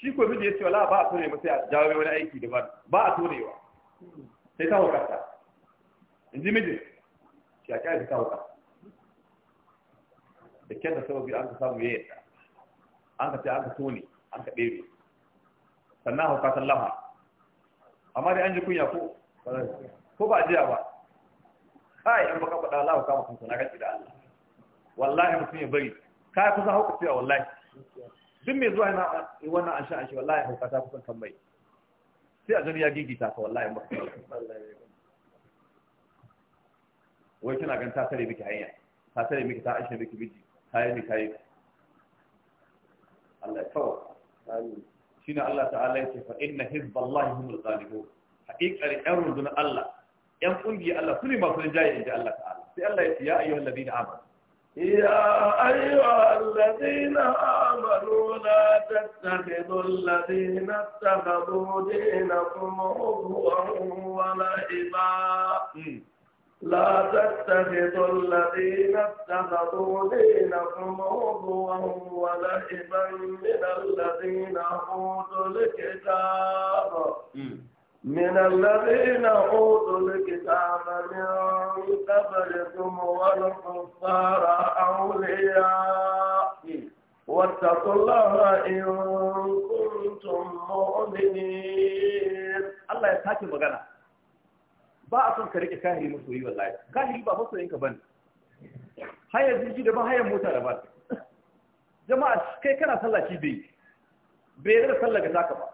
shi ko miji ya ce wala ba a tone masa ya jawo wani aiki da ba a tonewa sai ta hukata in ji miji shi a kyara ta hukata da kyan da sababi an ka samu ya yadda an ka ce an ka tone an ka ɗebe sannan hukatan laha amma dai an ji kunya ko ko ba a jiya ba kai an baka faɗa Allah ka mutum na kaci da Allah wallahi mutum ya bari kai kusa hukuta wallahi duk mai zuwa yana wannan an sha shi wallahi hauka kusan kan mai sai a gani ya gigita ka wallahi ba wai kina gan ta tare miki hanya ta tare miki ta ashe miki miji ta yi miki yi Allah ya kawo shine Allah ta'ala yake fa inna hizballahi humul ghalibun haqiqar yan rundunar Allah yan kungiya Allah su ne masu rinjaye inda Allah ta'ala sai Allah ya ce ya ayyuhal ladina amanu يا أيها الذين آمنوا لا تتخذوا الذين اتخذوا دينكم هزوا ولعبا لا تتخذوا الذين اتخذوا دينكم هزوا ولعبا من الذين أوتوا الكتاب من الذين أوتوا الكتاب من قبلكم والكفار أولياء واتقوا الله إن كنتم مؤمنين الله يساكي مغانا ba a son ka rike kahiri masoyi wallahi kahiri ba masoyin ka bane hayar jirgi da ba hayar mota da ba jama'a kai kana sallah shi bai bai yarda sallah ga zaka ba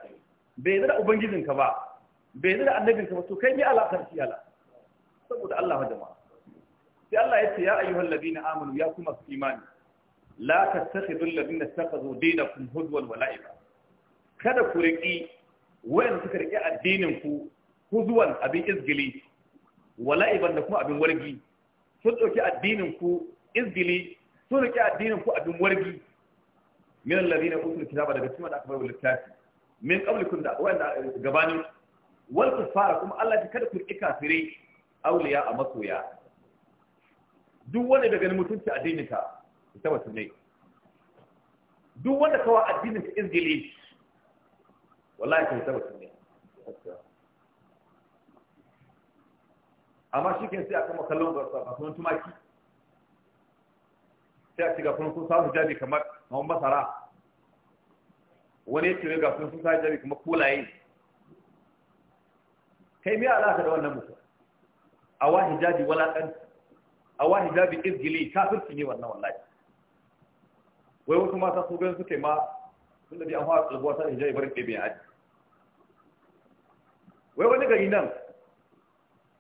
bai yarda ubangijinka ba bai da annabin ka to kai ne alakar shi ala saboda Allah wa jama'a sai Allah ya ce ya ayyuhal ladina amanu ya kuma su imani la tattakhidul ladina takhadhu dinakum hudwan wa la'iba kada ku riki wayan suka riki addinin ku hudwan abin izgili wa la'iban da kuma abin wargi sun dauki addinin ku izgili sun riki addinin ku abin wargi min alladhina utul kitaba daga cikin da aka bar littafi min qablikum da wayan wanda gabanin wal fara kuma Allah ya kada ku riƙi kafirai auliya a masoya duk wanda daga ganin mutunci addinin ka ita wasu ne duk wanda kawa addinin ka izgili wallahi ka ita wasu ne amma shi ke sai a kama kallon kasuwan tumaki sai a ci gafin sun sa hujjabi kamar kamar masara wani ya ce ga sun sa hujjabi kamar kulaye kai me alaka da wannan mutum awa hijabi a awa hijabi izgili kafirci ne wannan wallahi wai wasu mata su gan suke ma sun da bi an fara tsalbuwa ta hijabi barin mai aji wai wani gari nan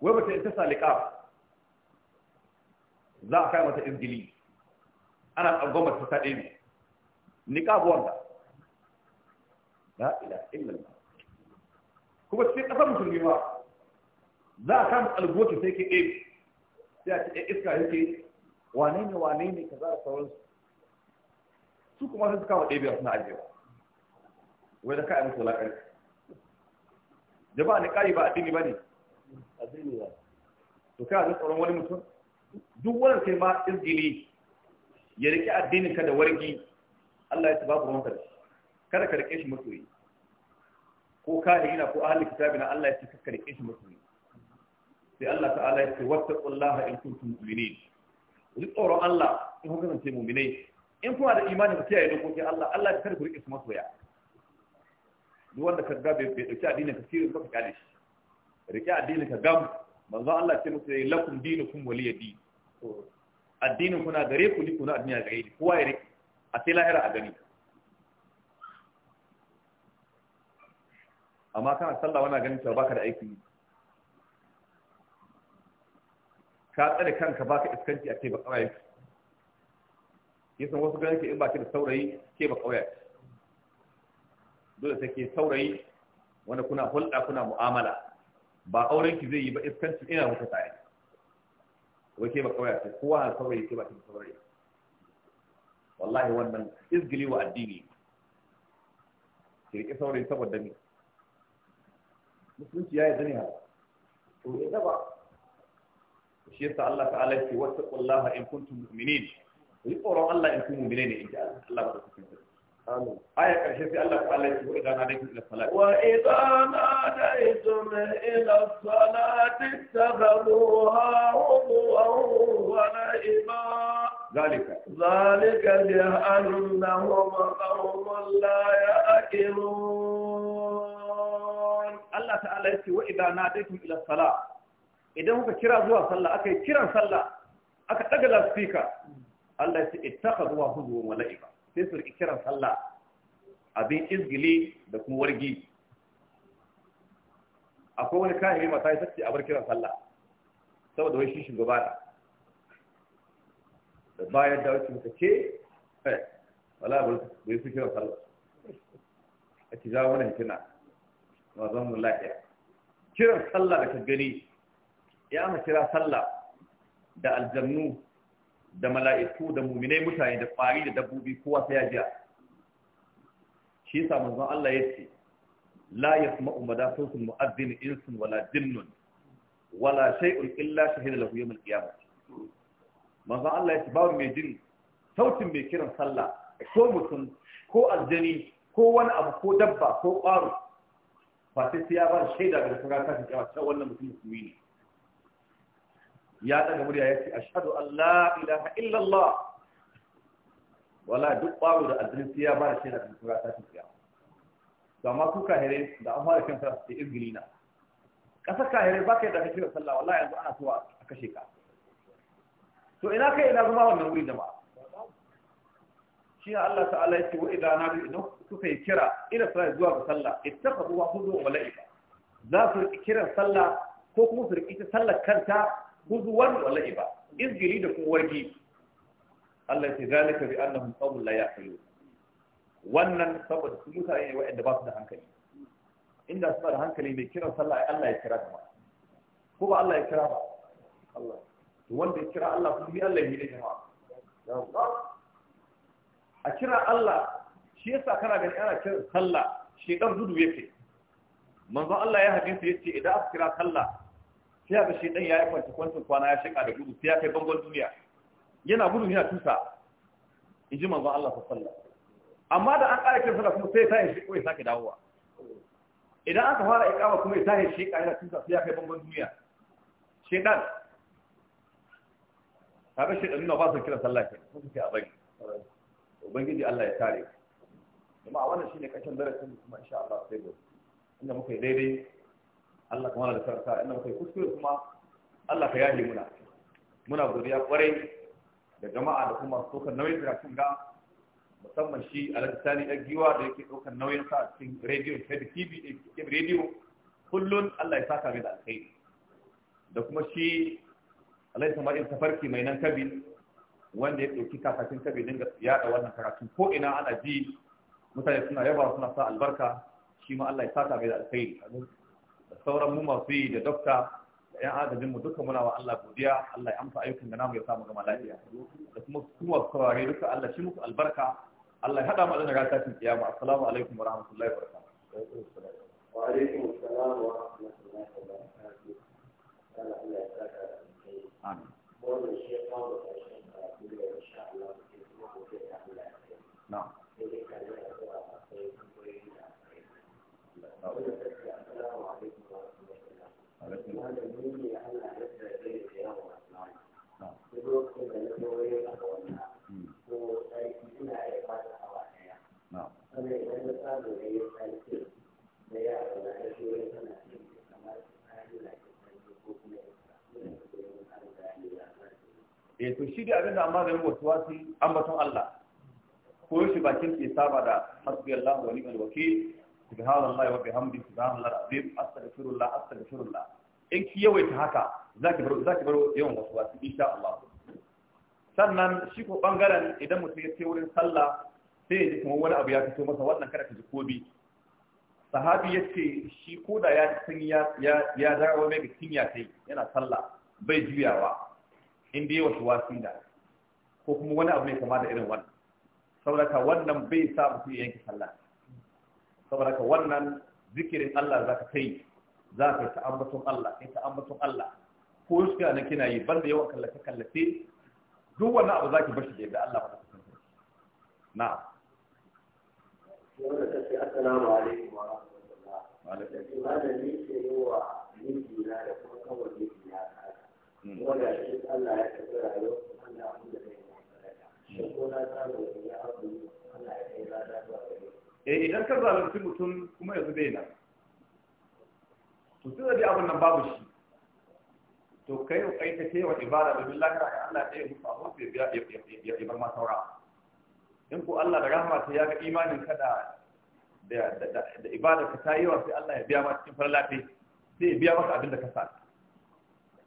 wai mata ita salika za a kai mata izgili ana mata ta ɗaya ɗebe niƙa buwanta la ila illallah kuma cikin mutum musulmi ba za a kama algoci sai ke ɗaya sai a cikin iska yake wane ne wane ne ka za a sauran su kuma sai su kama ɗaya biyar suna ajiyar. wai da kayan musu laƙari jama'a ne ƙari ba addini ba ne addini ba to kai a tsoron wani mutum duk wani sai ma izgini ya rike addinin ka da wargi Allah ya ci babu ruwan kada ka rike shi masoyi ko ka'ina ko ahli kitabi na Allah ya ce kakkare shi musulmi sai Allah ta'ala ya ce wattaqullaha in kuntum mu'minin ku tsoron Allah in kuka kasance mu'minai in kuna da imani ku kiyaye dokokin Allah Allah ya kar ku rike su masoya duk wanda ka gabe bai dauki addinin ka sirri baka kyale shi rike addinin ka gam manzo Allah ce musu yayi lakum dinukum waliya din addinin kuna gare ku ni kuna addini gare ni kowa ya rike a sai lahira a gani amma kana sallah wana ganin cewa baka da aikin yi ka tsare kanka baka iskanci a ce ba kawai yasan wasu ganin ke in baki da saurayi ke ba kawai dole sai ke saurayi wanda kuna hulɗa kuna mu'amala ba auren ki zai yi ba iskanci ina muka tsaye wai ke ba kawai ce kowa na saurayi ke ba ki da saurayi wallahi wannan izgili wa addini ke rike saurayi saboda ni مسلمتي يا الدنيا وإنما وشيرت الله تعالى في واتق الله إن كنتم مؤمنين ويقول الله إن كنتم مؤمنين إن جعل الله بارك فيك آمين آية كرشة في الله تعالى وإذا ناديتم إلى الصلاة وإذا إلى الصلاة اتخذوها هدوا ونائما ذلك ذلك لأنهم قوم لا يأكلون Allah ta'ala yake wa idan nadaitum ila sala idan kuka kira zuwa sallah aka yi kiran sallah aka daga speaker Allah ya ce ittakhadhu wa huzu wa malaika sai su kiran sallah abin izgili da kuma wargi akwai wani kahiri ma sai sace a bar kiran sallah saboda wai shi shugaba da bayan da wuce muka ce eh, wala bai su kiran sallah a ci za wani hikina ba zan mu lahiya kiran sallah da ka gani ya ana kira sallah da aljannu da mala'iku da muminai mutane da kwari da dabbobi kowa sai ya jiya shi yasa manzon Allah yace la yasma'u madatul mu'adhdhin insun wala jinnun wala shay'un illa shahida lahu yawm al-qiyamah manzon Allah yace babu mai jin sautin mai kiran sallah ko mutum ko aljani ko wani abu ko dabba ko ƙwaro ba sai sai ya ba shaida ga kuma ta ce cewa wannan mutum musulmi ne ya daga murya ya ce ashhadu an la ilaha illa Allah wala duk baro da addinin sai ya ba shaida ga kuma ta ce cewa to amma ku kahire da an fara kanta sai izgilina kasa kahire ba kai da kake sallah wallahi yanzu ana so a kashe ka to ina kai ina zama wannan wuri jama'a shi Allah ta'ala yake wa idan na idan suka yi kira ila sallah zuwa ga sallah ittakhadhu wa hudu wa la'iba za su kiran sallah ko kuma su rikita sallar kanta huzuwan wa la'iba izgili da kuma wargi Allah ya ce zalika bi annahum qawmun la ya'qilun wannan saboda su mutane ne waɗanda ba su da hankali inda suna da hankali mai kiran sallah ai Allah ya kira ba ko ba Allah ya kira ba Allah to wanda ya kira Allah kuma Allah ya yi da jama'a a kira Allah shi yasa kana gani ana kira sallah dan gudu yake manzon Allah ya hadisi yace idan aka kira sallah sai ga shi ya yi kwanci kwanci kwana ya shika da gudu sai ya kai bangon duniya yana gudu yana tusa inji manzon Allah sallallahu amma da an ƙara kira sallah kuma sai ta yi shi ko sake dawowa idan aka fara iqama kuma ya tashi shi yana tusa sai ya kai bangon duniya ba kaga shedan nuna ba su kira sallah ke su ke a bari ubangiji Allah ya kare kuma a wannan shine kashin darasin mu kuma insha Allah sai gobe inda muka yi daidai Allah kuma da sarka inda muka yi kuskure kuma Allah ka yaje muna muna godiya kwarai da jama'a da kuma sokar nauyin karatun ga musamman shi Alhaji Sani ɗan giwa da yake ɗaukar nauyin sa a cikin rediyo Kebbi TV Kebbi rediyo kullun Allah ya saka mai da alkhairi da kuma shi Alhaji Samari Tafarki mai nan Kabi wanda ya ɗauki kakakin tabi dinga yaɗa wannan karatun ko ina ana ji mutane suna yaba suna sa albarka shi ma Allah ya saka mai da alkhairi da sauran mu masu yi da dokta da ƴan adadin mu duka muna wa Allah godiya Allah ya amsa ayyukan da namu ya samu gama lafiya da kuma kuma kaware duka Allah shi muku albarka Allah ya hada mu da ranar tashin kiyama assalamu alaikum wa rahmatullahi wa barakatuh wa alaikum assalam wa rahmatullahi wa barakatuh Allah ya saka da alkhairi amin wannan shi ya kawo No. No. E, to shi dai abin da amma da wasu wasu ambaton Allah ko shi bakin ke saba da hasbi Allah wa ni'mal wakil subhanallahi wa bihamdihi subhanallahi azim astaghfirullah astaghfirullah in ki yawaita haka zaki bar zaki bar yawan wasu wasu insha Allah sannan shi ko bangaren idan mutum ya ce wurin sallah sai ya ji kuma wani abu ya fito masa wannan kada ka ji kobi sahabi ya ce shi koda ya san ya ya ya dawo mai ga cinya sai yana sallah bai juyawa in dai wasu wasila ko kuma wani abu mai kama da irin wannan saboda ka wannan bai sa mutum ya yanke sallah saboda ka wannan zikirin Allah za ka kai za ka yi ta ambaton Allah kai ta Allah ko shi kana kina yi ban da yawan kallace kallace duk wannan abu za ki bashi da Allah ba ta na'am wanda ta ce assalamu alaikum wa rahmatullah wa alaikum assalam da ni ce yawa miji na da kuma kawai miji na kuma da shi Allah ya karɓi rayuwar Allah abin da zai yi sadaka shi ko na samu ya abu Allah ya kai lada zuwa gare eh idan ka zalunci mutum kuma yanzu bai nan to sai da abin nan babu shi to kai ko kai ka cewa ibada da billahi ra Allah ya musu abu sai ya biya ya bar ma saura in ko Allah da rahama ta ya ga imanin ka da da da ibada ka ta yi wa sai Allah ya biya ma cikin farlafi sai ya biya maka abin da ka sa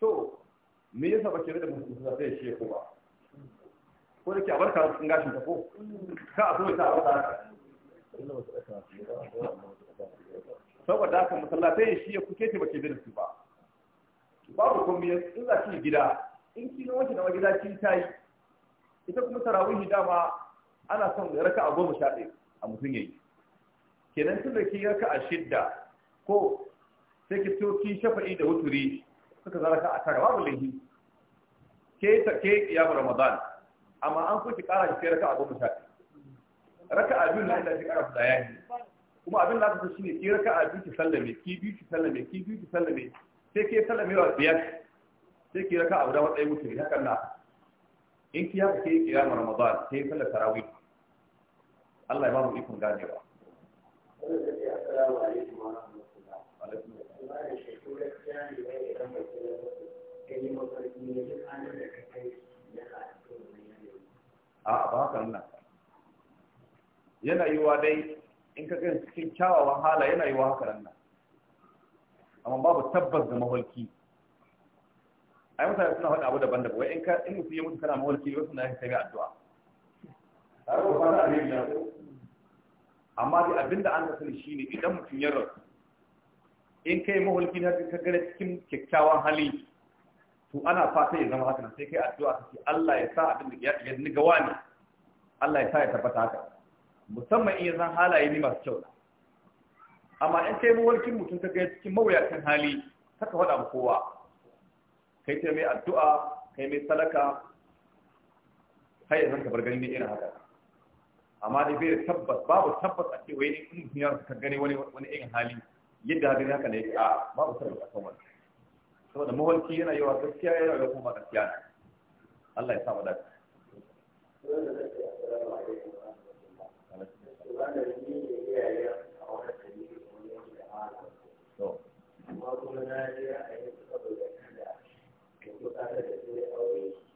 to me yasa ba ke da musulunta zai shi ko ba ko da ke a barka sun gashin ta ko ka a kuma ta a wata saboda haka masallatai shi ya kuke ce ke da su ba babu komai in za ki gida in ki wanke na gida kin tayi ita kuma tarawih dama ana son ya raka a goma sha ɗaya a mutum yayi kenan tun da kiyar ka a shidda ko sai ki to shafa'i da wuturi suka zara ka a tara babu lahi ke ta ke ya ramadan amma an so ki kara ki raka a goma sha raka a biyu na da ki kara da yayi kuma abin da aka shine kiyar ka a biyu ki sallame ki biyu ki sallame ki biyu ki sallame sai ke sallame wa biyar sai kiyar ka a guda matsayin wuturi hakan na in kiyar haka ke yi kiyama ramadan sai sallar tarawih Allah ya ba mu ikon ganewa a ba haka nan yana yiwa dai in ka gan cikin kyawawan hala yana yiwa haka nan amma babu tabbas ga maholki ai mutane suna faɗa abu daban daban wai in ka in mutu kana maholki wasu na yake yi addu'a har ba fara abin da amma dai abinda an sani shine idan mutum ya rasu in kai mahulkin na ka gare cikin kyakkyawan hali to ana fata ya zama haka sai kai addu'a ka ce Allah ya sa abin da ya ya niga wani Allah ya sa ya tabbata haka musamman in ya san halaye ne masu kyau amma in kai mahulkin mutum ka gare cikin mawuyacin hali saka faɗa mu kowa kai ce mai addu'a kai mai sadaka kai yanzu ka bar gani ne irin haka amma dai bai tabbas babu tabbas a ce wai ne in duniyar ka gane wani wani irin hali yadda hadin haka ne a babu tabbas kan wannan saboda maholki yana yawa gaskiya yana yawa kuma gaskiya ne Allah ya samu dace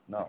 No.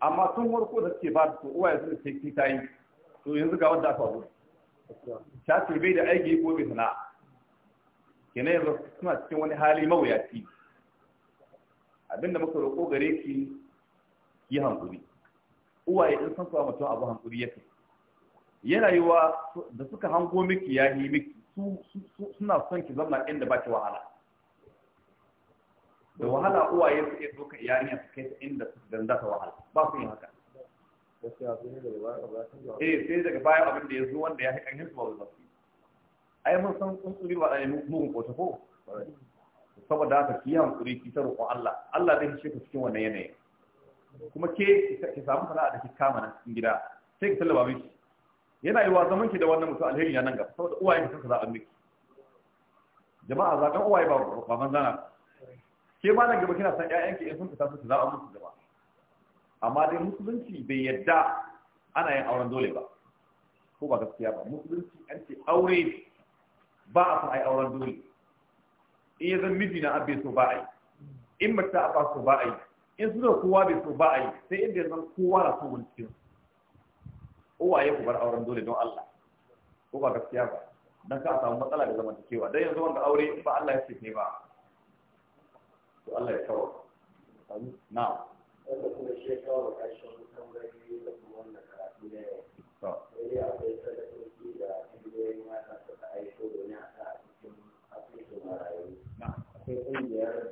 amma tun warko da suke ba da to uwaye sun ce ta yi to yanzu ga wanda aka zo ta bai da aiki ko bai sana'a kenan yanzu suna cikin wani hali mawuyaci abinda muka roƙo gare ki yi hankuri uwaye in san kuwa mutum abu hankuri yake yana yi da suka hango miki ya yi miki suna son ki zama inda ba ki wahala da wahala uwaye su iya ɗaukar yarinya su kai ta inda dan za ta wahala ba su yin haka eh sai daga baya abin da ya zo wanda ya haƙa yin su ba su ai mun san tsuntsuri ba da mugun ko ko saboda haka ki hankuri ki ta roƙon Allah Allah zai shi ka cikin wannan yanayin kuma ke ki samu sana'a da ki kama nan cikin gida sai ki tallaba miki yana yi wa zaman ki da wannan mutum alheri ya nan gaba saboda uwaye ki san ka za a miki jama'a zaɓen uwaye ba ban zana ke ma nan gaba kina san ƴaƴanki in sun fita su a musu gaba amma dai musulunci bai yadda ana yin auren dole ba ko ba gaskiya ba musulunci an ce aure ba a san ai auren dole in ya miji na abbe so ba a yi in mace ta abba so ba a yi in suna kowa bai so ba a yi sai inda ya zan kowa na so wani cikin waye ku bar auren dole don Allah ko ba gaskiya ba dan ka samu matsala da zamantakewa dan yanzu wanda aure ba Allah ya ce ne ba to Allah ya na wanda kuma shi ya da kuma wannan karatu da akwai sadakoki da tambayoyi mata suka aiko domin a sa a cikin afirka marayu akwai ƙungiyar da